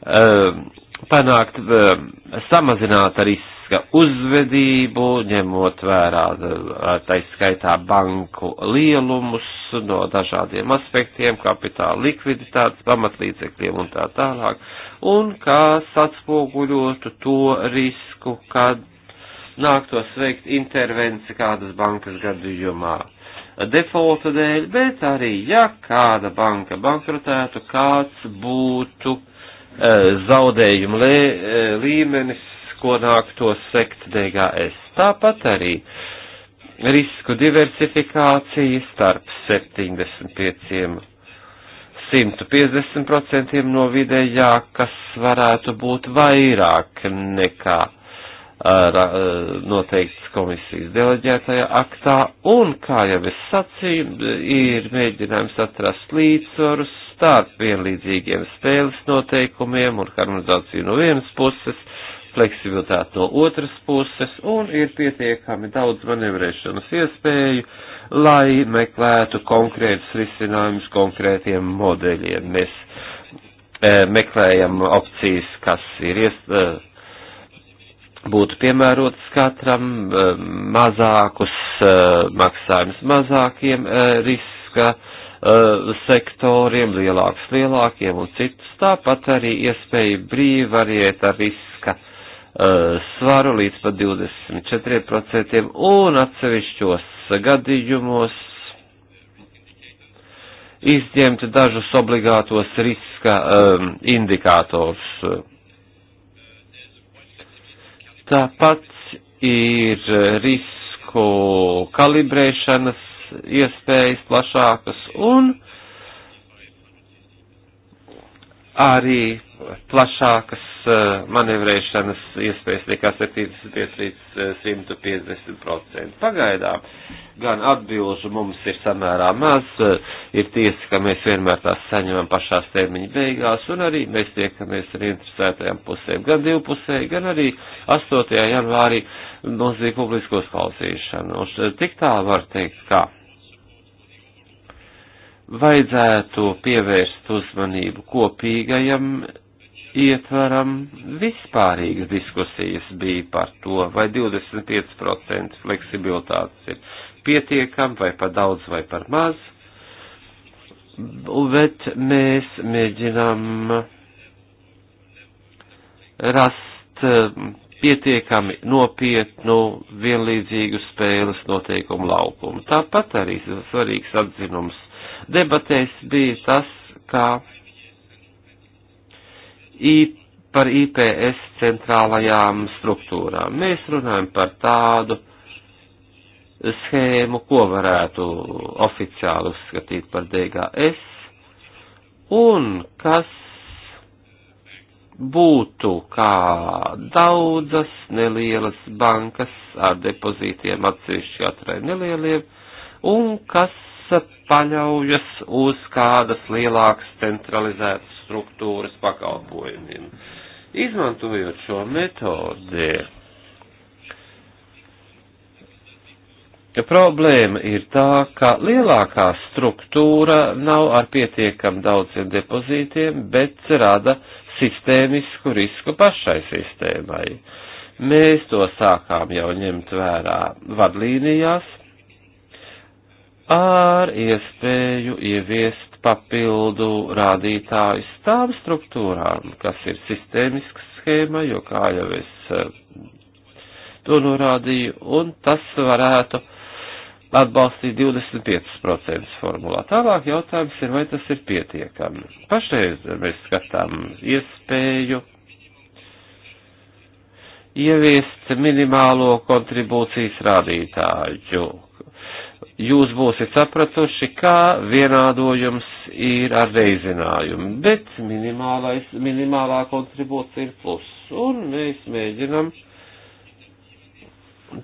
um, panākt, um, samazināt arī uzvedību, ņemot vērā eh, taiskaitā banku lielumus no dažādiem aspektiem, kapitāla likviditātes, pamatlīdzekļiem un tā tālāk, un kas atspoguļotu to risku, kad nāktos veikt intervenci kādas bankas gadījumā defaulta dēļ, bet arī, ja kāda banka bankrotētu, kāds būtu eh, zaudējumu lē, eh, līmenis, ko nāktos sekt DGS. Tāpat arī risku diversifikācija starp 75 150% no vidējā, kas varētu būt vairāk nekā noteikts komisijas deleģētajā aktā, un, kā jau es sacīju, ir mēģinājums atrast līdzsvaru starp vienlīdzīgiem spēles noteikumiem un harmonizāciju no vienas puses, fleksibilitāti no otras puses, un ir pietiekami daudz manevrēšanas iespēju, lai meklētu konkrētus risinājumus konkrētiem modeļiem. Mēs e, meklējam opcijas, kas ir iespējas būtu piemērotas katram, eh, mazākus eh, maksājums mazākiem eh, riska sektoriem, lielāks lielākiem un citus. Tāpat arī iespēja brīvi variēt ar riska svaru līdz pat 24% un atsevišķos gadījumos izņemt dažus obligātos riska um, indikātors. Tāpat ir risku kalibrēšanas iespējas plašākas un arī plašākas eh, manevrēšanas iespējas nekā 75 līdz 150 eh, procenti. Pagaidām gan atbilžu mums ir samērā maz, eh, ir tiesa, ka mēs vienmēr tās saņemam pašās termiņa beigās, un arī mēs tiekamies ar interesētajām pusēm, gan divpusēji, gan arī 8. janvārī nozīja publiskos klausīšanu. Un tik tā var teikt, kā vajadzētu pievērst uzmanību kopīgajam ietvaram. Vispārīgas diskusijas bija par to, vai 25% fleksibilitātes ir pietiekam, vai par daudz, vai par maz. Bet mēs mēģinām rast um, pietiekami nopietnu, vienlīdzīgu spēles noteikumu laukumu. Tāpat arī svarīgs atzinums debatēs bija tas, kā I, par IPS centrālajām struktūrām. Mēs runājam par tādu schēmu, ko varētu oficiāli uzskatīt par DGS, un kas būtu kā daudzas nelielas bankas ar depozītiem atsevišķi katrai nelieliem, un kas paļaujas uz kādas lielākas centralizētas struktūras pakalpojumiem. Izmantojot šo metodi, problēma ir tā, ka lielākā struktūra nav ar pietiekam daudziem depozītiem, bet rada sistēmisku risku pašai sistēmai. Mēs to sākām jau ņemt vērā vadlīnijās, ar iespēju ieviest papildu rādītāju stāvu struktūrām, kas ir sistēmisks schēma, jo kā jau es eh, to norādīju, un tas varētu atbalstīt 25% formulā. Tālāk jautājums ir, vai tas ir pietiekami. Pašreiz mēs skatām iespēju ieviest minimālo kontribūcijas rādītāju jūs būsiet sapratuši, kā vienādojums ir ar reizinājumu, bet minimālā kontribūcija ir plus, un mēs mēģinam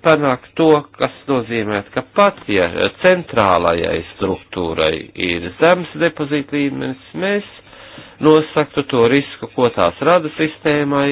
panākt to, kas nozīmē, ka pat ja centrālajai struktūrai ir zems depozīta līmenis, mēs nosaktu to risku, ko tās rada sistēmai,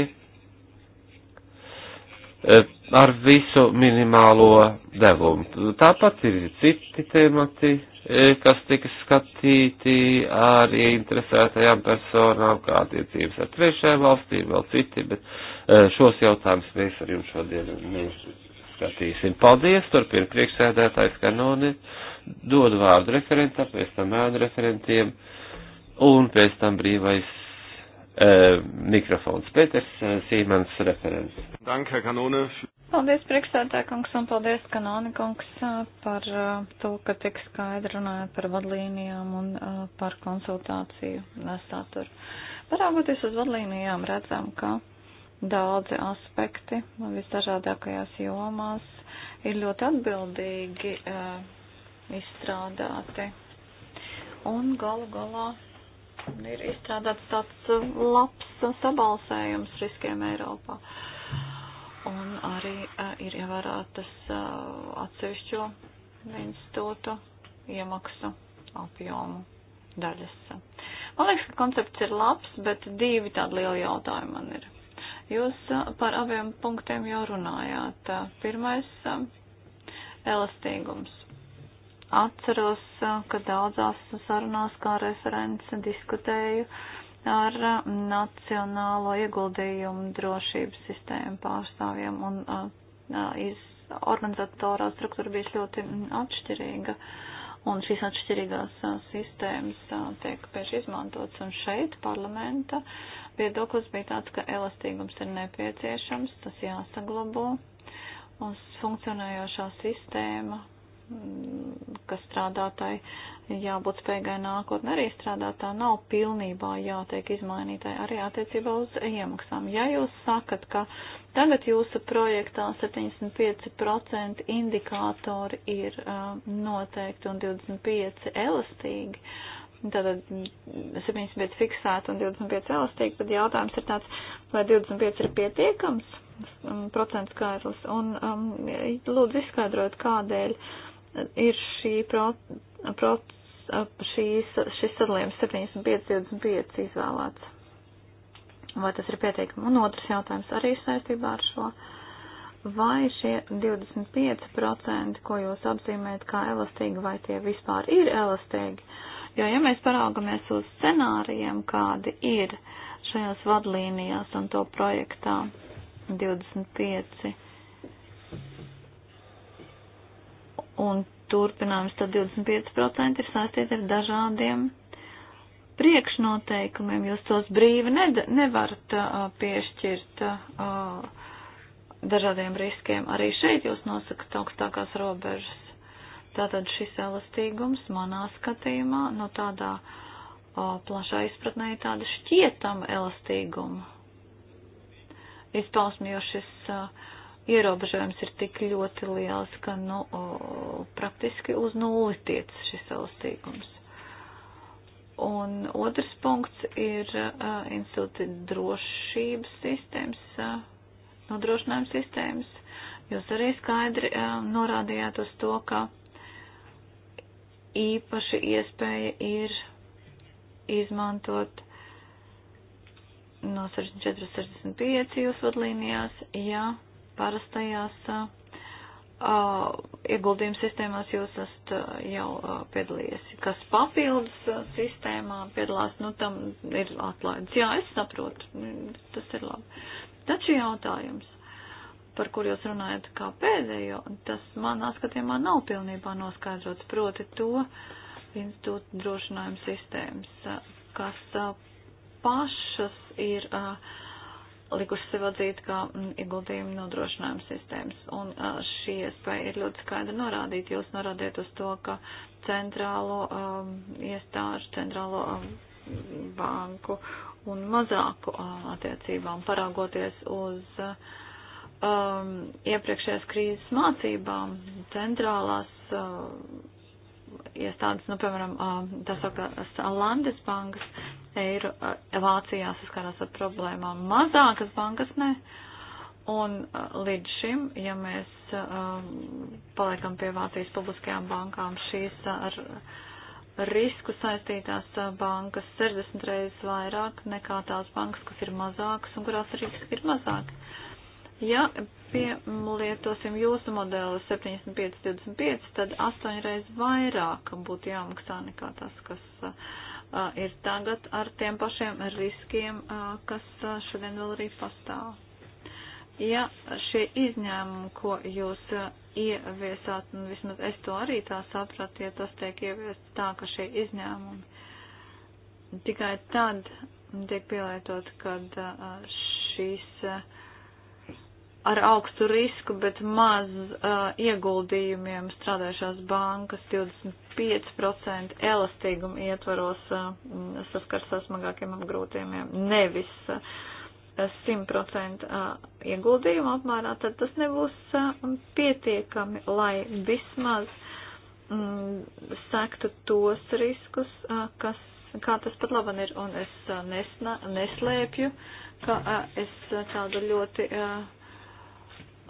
Eh, ar visu minimālo devumu. Tāpat ir citi temati, eh, kas tika skatīti ar ieinteresētajām personām, kā attiecības ar trešajām valstīm, vēl citi, bet eh, šos jautājumus mēs ar jums šodien neskatīsim. Paldies, turpina priekšsēdētājs Kanoni, dod vārdu referentam, pēc tam mēnu referentiem, un pēc tam brīvais Eh, mikrofons. Pēters eh, Sīmans referents. Danke, Kanone. Paldies, priekšstādā kungs, un paldies, Kanone kungs, eh, par to, ka tik skaidri runājat par vadlīnijām un par konsultāciju saturu. Paraugoties uz vadlīnijām, redzam, ka daudzi aspekti visdažādākajās jomās ir ļoti atbildīgi izstrādāti. Un galu galā ir izstrādāts tāds um, labs um, sabalsējums riskiem Eiropā. Un arī uh, ir ievērātas uh, atsevišķo institūtu iemaksu apjomu daļas. Man liekas, ka koncepts ir labs, bet divi tādi lieli jautājumi man ir. Jūs uh, par abiem punktiem jau runājāt. Pirmais uh, - elastīgums atceros, ka daudzās sarunās kā referents diskutēju ar Nacionālo ieguldījumu drošības sistēmu pārstāvjiem un iz organizatorā struktūra bija ļoti atšķirīga. Un šīs atšķirīgās sistēmas tiek pieši izmantotas. Un šeit parlamenta viedoklis bija tāds, ka elastīgums ir nepieciešams, tas jāsaglabo. Un funkcionējošā sistēma ka strādātai jābūt spējīgai nākotnē arī strādāt, tā nav pilnībā jātiek izmainītai arī attiecībā uz iemaksām. Ja jūs sakat, ka tagad jūsu projektā 75% indikātori ir uh, noteikti un 25 elastīgi, tātad 75 fiksēti un 25 elastīgi, tad jautājums ir tāds, vai 25 ir pietiekams procents skaitlis, un um, lūdzu izskaidrot, kādēļ ir šī pro, pro, šīs, šis sadalījums 75-25 izvēlēts. Vai tas ir pietiekami? Un otrs jautājums arī saistībā ar šo. Vai šie 25%, ko jūs apzīmējat kā elastīgi, vai tie vispār ir elastīgi? Jo, ja mēs paraugamies uz scenārijiem, kādi ir šajās vadlīnijās un to projektā 25%, un turpinājums tad 25% ir saistīti ar dažādiem priekšnoteikumiem. Jūs tos brīvi nevarat uh, piešķirt uh, dažādiem riskiem. Arī šeit jūs nosakat augstākās robežas. Tātad šis elastīgums manā skatījumā no nu, tādā uh, plašā izpratnē ir tāda šķietama elastīguma izpausme, jo šis uh, ierobežojums ir tik ļoti liels, ka nu, o, praktiski uz nulli tiec šis elastīgums. Un otrs punkts ir uh, institūti drošības sistēmas, uh, nodrošinājuma sistēmas. Jūs arī skaidri uh, norādījāt uz to, ka īpaši iespēja ir izmantot no 64-65 jūsu vadlīnijās, ja parastajās ieguldījuma sistēmās jūs esat jau piedalījies. Kas papildus sistēmā piedalās, nu tam ir atlaides. Jā, es saprotu, tas ir labi. Taču jautājums, par kur jūs runājat kā pēdējo, tas manā skatījumā nav pilnībā noskaidrots, proti to institūtu drošinājumu sistēmas, kas pašas ir uh, likuši sev atzīt kā mm, ieguldījumu nodrošinājumu sistēmas. Un šī iespēja ir ļoti skaidri norādīta. Jūs norādiet uz to, ka centrālo um, iestāžu, centrālo um, banku un mazāku uh, attiecībām paraugoties uz um, iepriekšējās krīzes mācībām centrālās uh, iestādes, nu, piemēram, uh, tā saka, Landes bankas eiro, Vācijā saskārās ar problēmām, mazākas bankas ne. Un līdz šim, ja mēs um, paliekam pie Vācijas publiskajām bankām, šīs ar risku saistītās bankas 60 reizes vairāk nekā tās bankas, kas ir mazākas un kurās riski ir mazāki. Ja pielietosim jūsu modeli 75-25, tad 8 reizes vairāk būtu jāmaksā nekā tas, kas uh, ir tagad ar tiem pašiem riskiem, kas šodien vēl arī pastāv. Ja šie izņēmumi, ko jūs ieviesāt, un vismaz es to arī tā sapratu, ja tas tiek ieviests tā, ka šie izņēmumi tikai tad tiek pielietot, kad šīs uh, ar augstu risku, bet maz uh, ieguldījumiem strādājušās bankas 25% elastīguma ietvaros uh, saskars ar smagākiem apgrūtījumiem, nevis uh, 100% uh, ieguldījuma apmērā, tad tas nebūs uh, pietiekami, lai vismaz mm, sektu tos riskus, uh, kas, kā tas pat laban ir, un es uh, nesna, neslēpju, ka uh, es uh, tādu ļoti. Uh,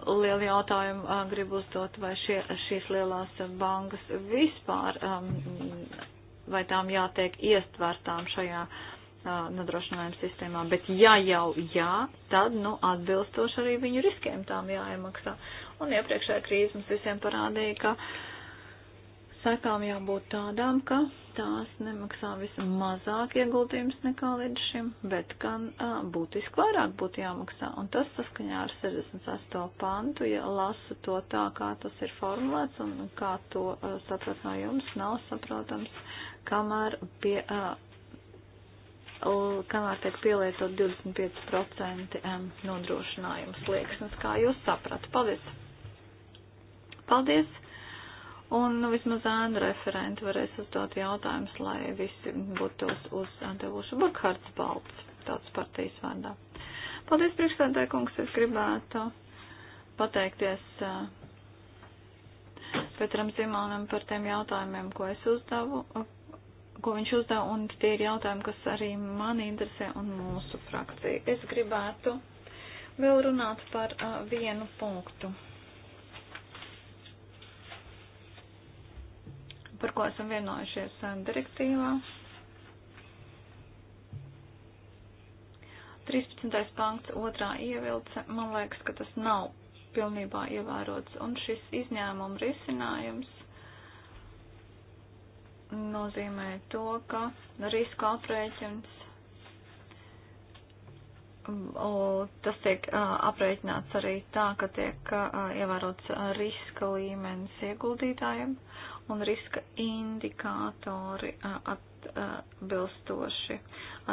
lielu jautājumu uh, gribu uzdot, vai šie, šīs lielās bankas vispār, um, vai tām jātiek iestvērtām šajā uh, nodrošinājuma sistēmā, bet ja jau jā, tad, nu, atbilstoši arī viņu riskiem tām jāiemaksā. Un iepriekšējā krīze mums visiem parādīja, ka uh, sekām jābūt tādām, ka tās nemaksā vismazāk ieguldījums nekā līdz šim, bet gan uh, būtiski vairāk būtu jāmaksā. Un tas saskaņā ar 68. pantu, ja lasu to tā, kā tas ir formulēts un kā to uh, saprat no jums, nav saprotams, kamēr, pie, uh, kamēr tiek pielietot 25% nodrošinājums liekas, nu, kā jūs saprat. Paldies! Paldies! Un nu, vismaz ēnu referenti varēs uzdot jautājumus, lai visi būtu tos uzdevuši. Burkhards Balts, tāds partijas vārdā. Paldies, priekšstādāja kungs, es gribētu pateikties eh, Petram Zimonam par tiem jautājumiem, ko es uzdevu, eh, ko viņš uzdeva, un tie ir jautājumi, kas arī mani interesē un mūsu frakciju. Es gribētu vēl runāt par uh, vienu punktu. par ko esam vienojušies eh, direktīvā. 13. pants, otrā ievilce, man liekas, ka tas nav pilnībā ievērots, un šis izņēmuma risinājums nozīmē to, ka riska aprēķins mm, tas tiek aprēķināts arī tā, ka tiek ievērots riska līmenis ieguldītājiem, un riska indikātori atbilstoši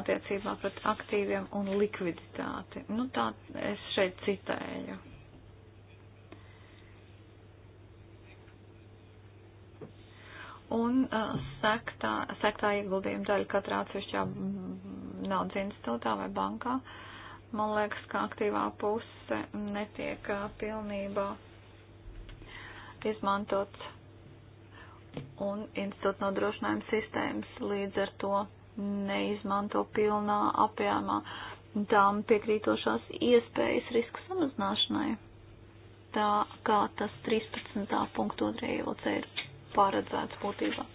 attiecībā pret aktīviem un likviditāti. Nu, tā es šeit citēju. Un uh, sektā, sektā ieguldījuma daļa katrā atsevišķā naudas institūtā vai bankā, man liekas, ka aktīvā puse netiek uh, pilnībā izmantots un institūta nodrošinājuma sistēmas līdz ar to neizmanto pilnā apjāmā tām piekrītošās iespējas riska samazināšanai, tā kā tas 13. punktu otrajā ielocē ir paredzēts būtībā.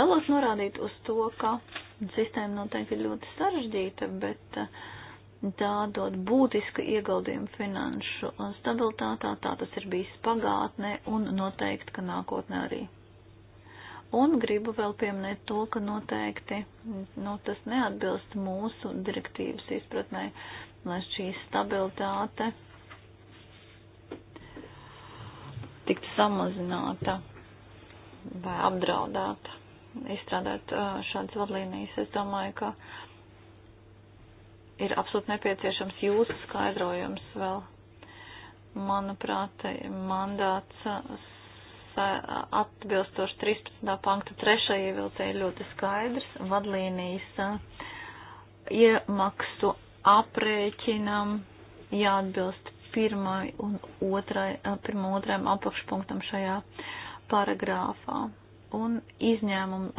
Vēlos norādīt uz to, ka sistēma noteikti ir ļoti sarežģīta, bet eh, tā dod būtisku ieguldījumu finanšu stabilitātā, tā tas ir bijis pagātnē un noteikti, ka nākotnē arī. Un gribu vēl pieminēt to, ka noteikti nu, tas neatbilst mūsu direktīvas izpratnē, lai šī stabilitāte tiktu samazināta vai apdraudēta. Izstrādāt šādas vadlīnijas, es domāju, ka ir absolūti nepieciešams jūsu skaidrojums vēl. Manuprāt, mandāts atbilstoši 13. pankta trešajai ievilcēji ļoti skaidrs vadlīnijas iemaksu aprēķinam jāatbilst pirmai un otrai, pirmam otrajam apakšpunktam šajā paragrāfā. Un izņēmumu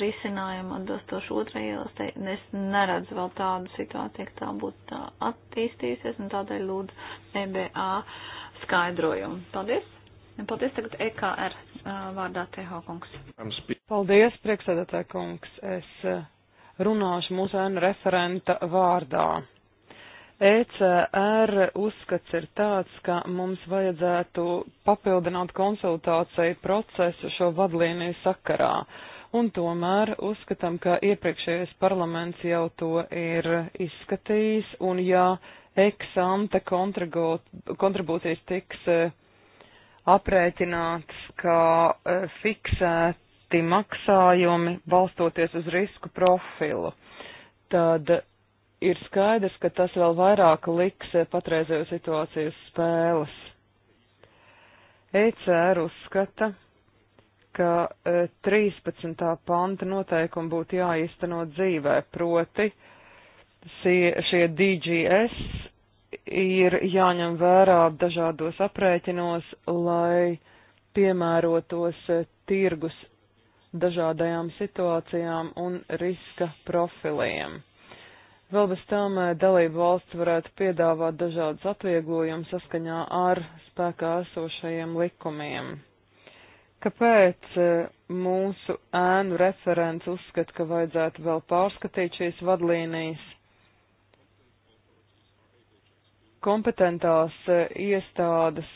risinājumu atbilstoši otrajai ielastei, es neredzu vēl tādu situāciju, ka tā būtu tā attīstīsies, un tādēļ lūdzu EBA skaidrojumu. Paldies! Paldies tagad EKR vārdā Teho kungs. Paldies, priekšsēdētāj kungs. Es runāšu mūsu ēnu referenta vārdā. ECR uzskats ir tāds, ka mums vajadzētu papildināt konsultāciju procesu šo vadlīniju sakarā. Un tomēr uzskatām, ka iepriekšējais parlaments jau to ir izskatījis, un ja eksante kontribūcijas tiks uh, aprēķināts, ka e, fiksēti maksājumi balstoties uz risku profilu, tad ir skaidrs, ka tas vēl vairāk liks patreizējo situācijas spēles. ECR uzskata, ka 13. E, panta noteikumi būtu jāīsteno dzīvē, proti šie DGS ir jāņem vērā dažādos aprēķinos, lai piemērotos eh, tirgus dažādajām situācijām un riska profiliem. Vēl bez tam eh, dalību valsts varētu piedāvāt dažādas atvieglojumus saskaņā ar spēkā esošajiem likumiem. Kāpēc eh, mūsu ēnu referents uzskata, ka vajadzētu vēl pārskatīt šīs vadlīnijas? kompetentās e, iestādes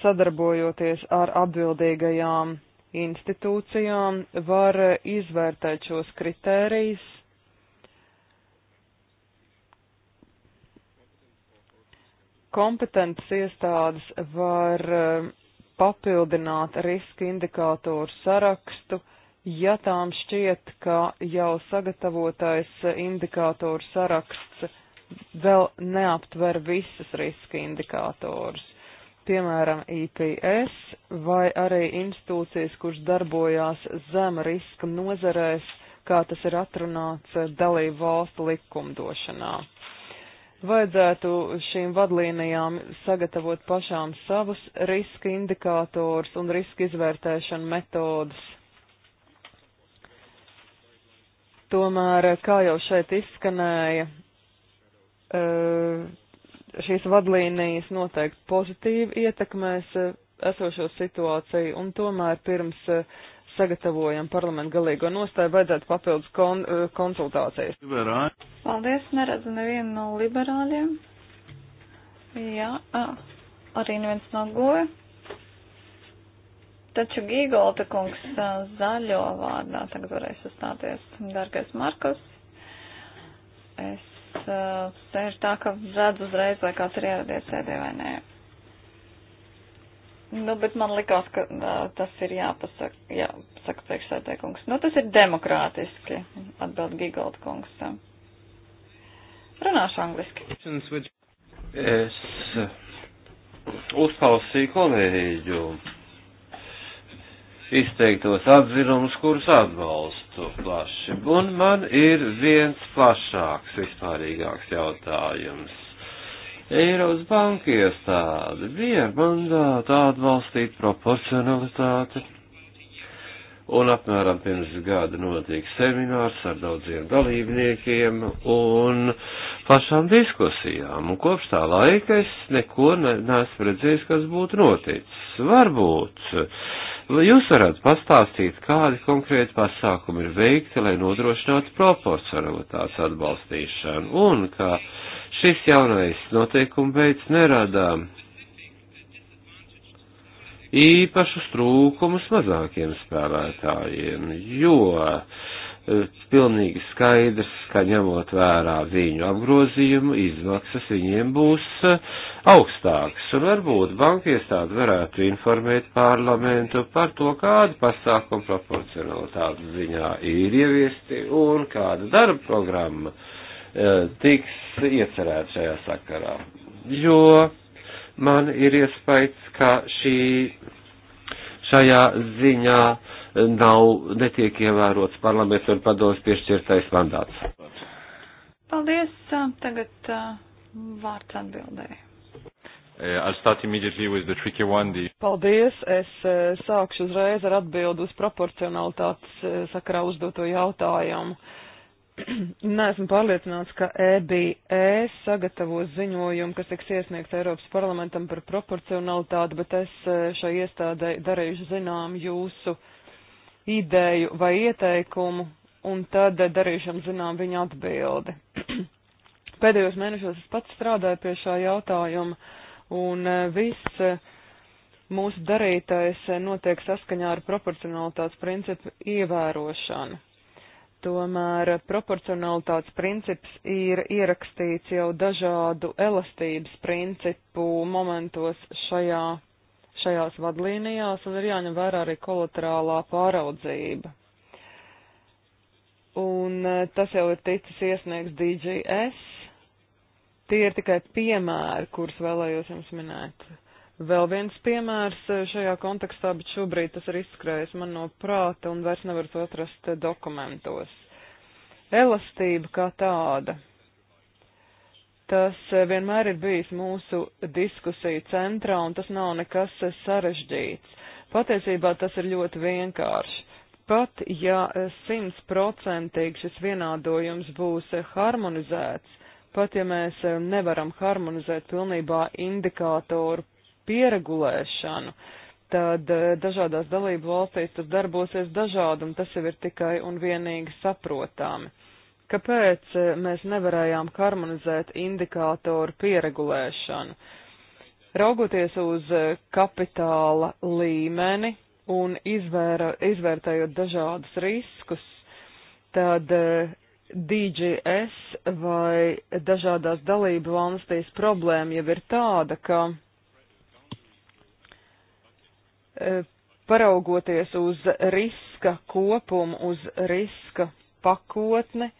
sadarbojoties ar atbildīgajām institūcijām var e, izvērtēt šos kritērijus. Kompetentas iestādes var e, papildināt riska indikātoru sarakstu, ja tām šķiet, ka jau sagatavotais indikātoru saraksts vēl neaptver visas riska indikātors, piemēram, IPS vai arī institūcijas, kuras darbojās zem riska nozarēs, kā tas ir atrunāts dalību valstu likumdošanā. Vajadzētu šīm vadlīnijām sagatavot pašām savus riska indikātors un riska izvērtēšana metodas. Tomēr, kā jau šeit izskanēja, Eh, šīs vadlīnijas noteikti pozitīvi ietekmēs eh, esošo situāciju, un tomēr pirms eh, sagatavojam parlamentu galīgo nostāju, vajadzētu papildus kon, konsultācijas. Liberāļi. Paldies, neredzu nevienu no liberāļiem. Jā, a, arī neviens no goja. Taču Gīgolta kungs zaļo vārdā tagad varēs uzstāties. Dargais Markus, es sēž uh, tā, ka redz uzreiz, vai kāds ir ieradies sēdē vai nē. Nu, bet man likās, ka uh, tas ir jāpasaka, jāpasaka priekšsēdē kungs. Nu, tas ir demokrātiski, atbild Gigold kungs. Runāšu angliski. Es uh, uzklausīju kolēģu izteiktos atzinumus, kurus atbalstu listu plaši. Un man ir viens plašāks, vispārīgāks jautājums. Eiropas banka iestāde bija ar mandātu atbalstīt proporcionalitāti. Un apmēram pirms gada notiek seminārs ar daudziem dalībniekiem un pašām diskusijām. Un kopš tā laika es neko neesmu redzējis, kas būtu noticis. Varbūt Jūs varat pastāstīt, kādi konkrēti pasākumi ir veikti, lai nodrošinātu proporcionalitātes atbalstīšanu, un ka šis jaunais noteikuma veids nerada īpašus trūkumus mazākiem spēlētājiem, jo Eh, pilnīgi skaidrs, ka ņemot vērā viņu apgrozījumu, izmaksas viņiem būs eh, augstākas. Un varbūt banka iestāde varētu informēt parlamentu par to, kāda pasākuma proporcionalitāte ziņā ir ieviesti un kāda darba programma eh, tiks iecerēta šajā sakarā. Jo man ir iespējas, ka šī, šajā ziņā nav, netiek ievērots parlaments un padomas piešķirtais mandāts. Paldies. Tagad uh, vārds atbildēja. Eh, I'll start immediately with the tricky one. The... Paldies. Es eh, sākšu uzreiz ar atbildu uz proporcionalitātes eh, sakarā uzdoto jautājumu. (clears throat) Neesmu pārliecināts, ka EBE e sagatavos ziņojumu, kas tiks iesniegts Eiropas parlamentam par proporcionalitāti, bet es šai iestādē darīšu zinām jūsu uh, ideju vai ieteikumu, un tad darīšam zinām viņa atbildi. (clears throat) Pēdējos mēnešos es pats strādāju pie šā jautājuma, un eh, viss eh, mūsu darītais eh, notiek saskaņā ar proporcionalitātes principu ievērošanu. Tomēr proporcionalitātes princips ir ierakstīts jau dažādu elastības principu momentos šajā šajās vadlīnijās un ir jāņem vērā arī kolaterālā pāraudzība. Un e, tas jau ir ticis iesniegts DGS. Tie ir tikai piemēri, kurus vēlējos jums minēt. Vēl viens piemērs e, šajā kontekstā, bet šobrīd tas ir izskrējis man no prāta un vairs nevar to atrast e, dokumentos. Elastība kā tāda Tas eh, vienmēr ir bijis mūsu diskusiju centrā, un tas nav nekas eh, sarežģīts. Patiesībā tas ir ļoti vienkārši. Pat ja eh, simtprocentīgi šis vienādojums būs harmonizēts, pat ja mēs nevaram harmonizēt pilnībā indikātoru pieregulēšanu, tad dažādās dalību valstīs tas darbosies dažādi, un tas jau ir tikai un vienīgi saprotami. Kāpēc e, mēs nevarējām harmonizēt indikātoru pieregulēšanu? Raugoties uz e, kapitāla līmeni un izvēra, izvērtējot dažādus riskus, tad e, DGS vai dažādās dalību valstīs problēma jau ir tāda, ka paraugoties uz riska kopumu, uz riska pakotni,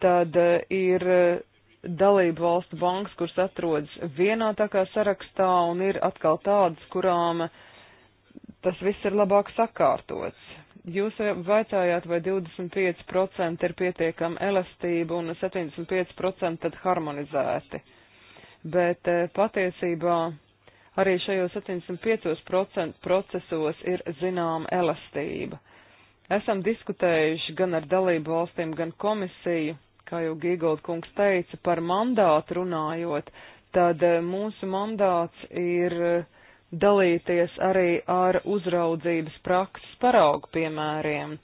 tad eh, ir eh, dalību valstu bankas, kuras atrodas vienā tā kā sarakstā, un ir atkal tādas, kurām tas viss ir labāk sakārtots. Jūs vaicājāt, vai 25% ir pietiekama elastība un 75% tad harmonizēti. Bet eh, patiesībā arī šajos 75% procesos ir zināma elastība. Esam diskutējuši gan ar dalību valstīm, gan komisiju kā jau Gigold kungs teica, par mandātu runājot, tad eh, mūsu mandāts ir eh, dalīties arī ar uzraudzības prakses paraugu piemēriem.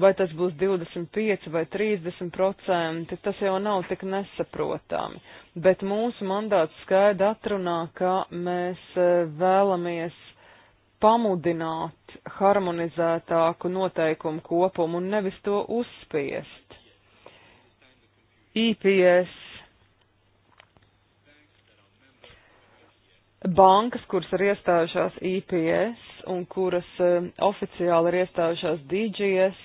Vai tas būs 25 vai 30 procenti, tas jau nav tik nesaprotami. Bet mūsu mandāts skaidri atrunā, ka mēs eh, vēlamies pamudināt harmonizētāku noteikumu kopumu un nevis to uzspiest. IPS bankas, kuras ir iestājušās IPS un kuras uh, oficiāli ir iestājušās DGS,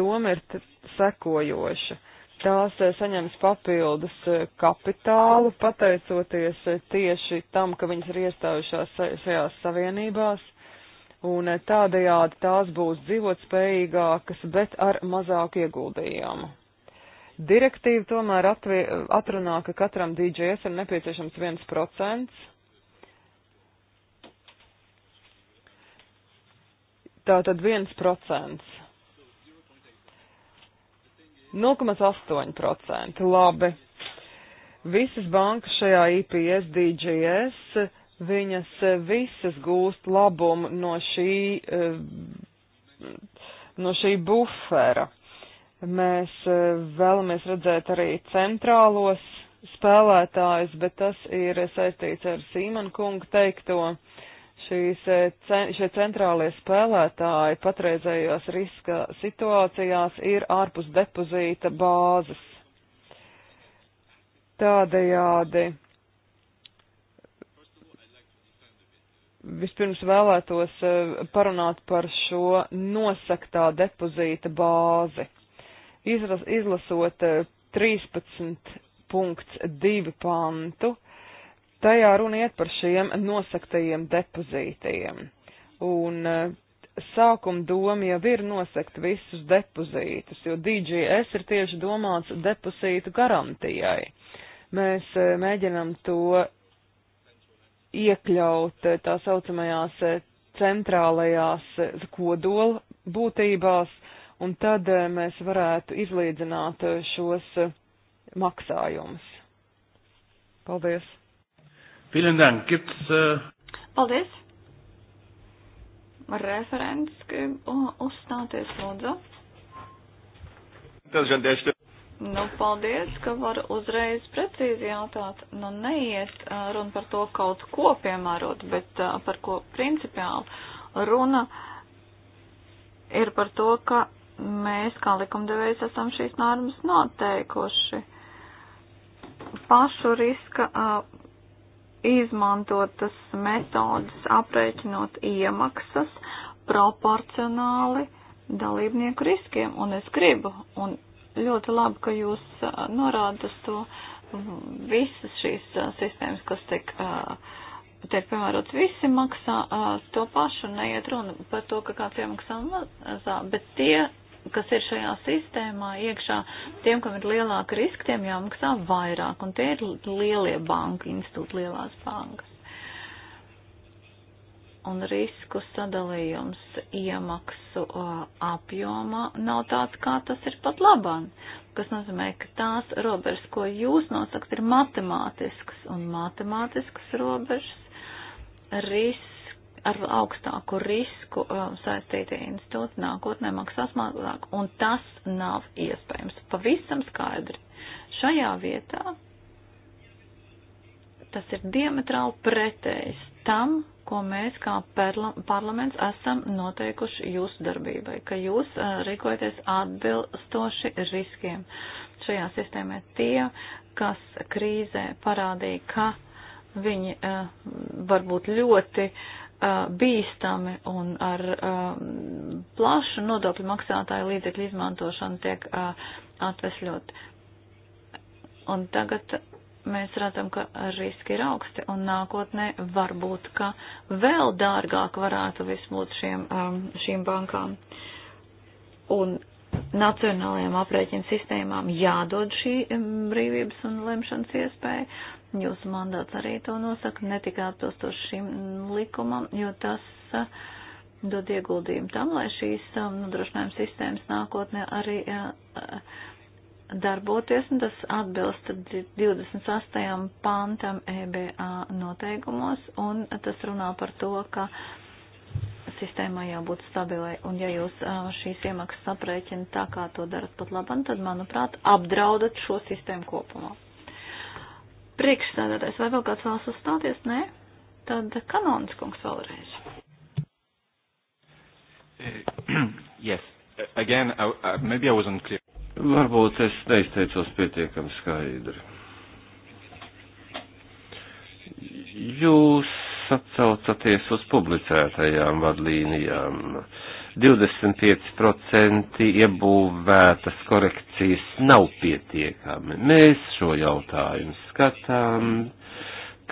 doma ir sekojoša. Tās uh, saņems papildus uh, kapitālu, pateicoties tieši tam, ka viņas ir iestājušās šajās savienībās un eh, tādējādi tās būs dzīvotspējīgākas, bet ar mazāku ieguldījumu. Direktīva tomēr atvie, atrunā, ka katram DJS ir nepieciešams 1%. Tātad 1%. 0,8%. Labi. Visas bankas šajā IPS DJS Viņas eh, visas gūst labumu no šī, eh, no šī bufera. Mēs eh, vēlamies redzēt arī centrālos spēlētājus, bet tas ir saistīts ar Sīmanu kungu teikto. Šīs, šie centrālie spēlētāji patreizējos riska situācijās ir ārpus depozīta bāzes. Tādējādi vispirms vēlētos eh, parunāt par šo nosaktā depozīta bāzi. Izras, izlasot 13.2 eh, pantu, tajā runa iet par šiem nosaktajiem depozītiem. Un eh, sākuma doma jau ir nosakt visus depozītus, jo DGS ir tieši domāts depozītu garantijai. Mēs mēģinam to iekļaut eh, tā saucamajās eh, centrālajās eh, kodola būtībās, un tad mēs varētu izlīdzināt šos maksājumus. Paldies! Vielen Dank. Gibt's, uh... Paldies! Referents, grib uzstāties, lūdzu. Nu, paldies, ka var uzreiz precīzi jautāt. Nu, neiet runa par to kaut ko piemērot, bet par ko principiāli runa ir par to, ka mēs kā likumdevējs esam šīs normas noteikuši. Pašu riska izmantotas metodas aprēķinot iemaksas proporcionāli dalībnieku riskiem, un es gribu, un ļoti labi, ka jūs norādat uz to visas šīs sistēmas, kas tiek, tiek piemērots, visi maksā to pašu, neiet runa par to, ka kāds iemaksā mazā, bet tie, kas ir šajā sistēmā iekšā, tiem, kam ir lielāka riska, tiem jāmaksā vairāk, un tie ir lielie banka institūti, lielās bankas un risku sadalījums iemaksu uh, apjomā nav tāds, kā tas ir pat labāk. Kas nozīmē, ka tās robežas, ko jūs nosakat, ir matemātiskas un matemātiskas robežas ris, ar augstāku risku uh, saistītie institūti nākotnē maksās mazāk. Un tas nav iespējams. Pavisam skaidri. Šajā vietā tas ir diametrāli pretējs tam, ko mēs kā parlaments esam noteikuši jūsu darbībai, ka jūs eh, rīkojaties atbilstoši riskiem. Šajā sistēmē tie, kas krīzē parādīja, ka viņi eh, var būt ļoti eh, bīstami un ar plašu nodokļu maksātāju līdzekļu izmantošanu tiek atvesļot. Un tagad mēs redzam, ka riski ir augsti un nākotnē varbūt, ka vēl dārgāk varētu viss būt šiem, um, šīm bankām. Un nacionālajām aprēķinu sistēmām jādod šī um, brīvības un lemšanas iespēja. Jūsu mandāts arī to nosaka, ne tikai atbilstoši šim likumam, jo tas uh, dod ieguldījumu tam, lai šīs um, nodrošinājuma sistēmas nākotnē arī. Uh, uh, darboties, un tas atbilst 28. pantam EBA noteikumos, un tas runā par to, ka sistēmai jābūt stabilai, un ja jūs šīs iemaksas aprēķina tā, kā to darat pat labam, tad, manuprāt, apdraudat šo sistēmu kopumā. Priekšstādātais, vai vēl kāds vēlas uzstāties? Nē? Tad kanons kungs vēlreiz. Eh, (clears throat) yes. Again, I, I, maybe I wasn't clear. Varbūt es neizteicos pietiekami skaidri. Jūs atsaucaties uz publicētajām vadlīnijām. 25% iebūvētas korekcijas nav pietiekami. Mēs šo jautājumu skatām,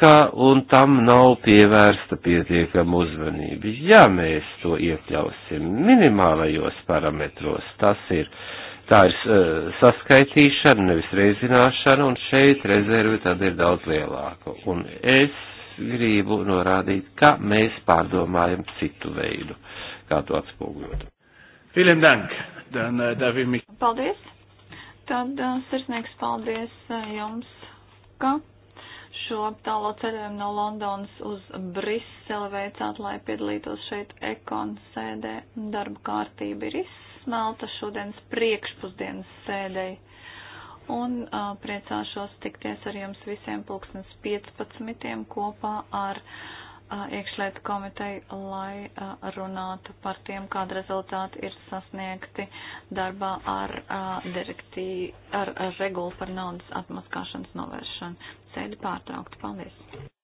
kā un tam nav pievērsta pietiekama uzmanība. Ja mēs to iekļausim minimālajos parametros, tas ir Tā ir eh, saskaitīšana, nevis reizināšana, un šeit rezerve tad ir daudz lielāka. Un es gribu norādīt, ka mēs pārdomājam citu veidu, kā to atspoguļot. Vielen dank, Dan äh, Davimi. Paldies. Tad äh, sirsnīgs paldies äh, jums, ka šo tālo ceļojumu no Londonas uz Briseli veicāt, lai piedalītos šeit ekon sēdē. Darba kārtība ir izsākta Malta šodienas priekšpusdienas sēdei. Un uh, priecāšos tikties ar jums visiem pulkstens 15. kopā ar uh, iekšlietu komiteju, lai uh, runātu par tiem, kāda rezultāti ir sasniegti darbā ar, uh, direktī, ar, ar regulu par naudas atmaskāšanas novēršanu. Sēdi pārtraukti. Paldies!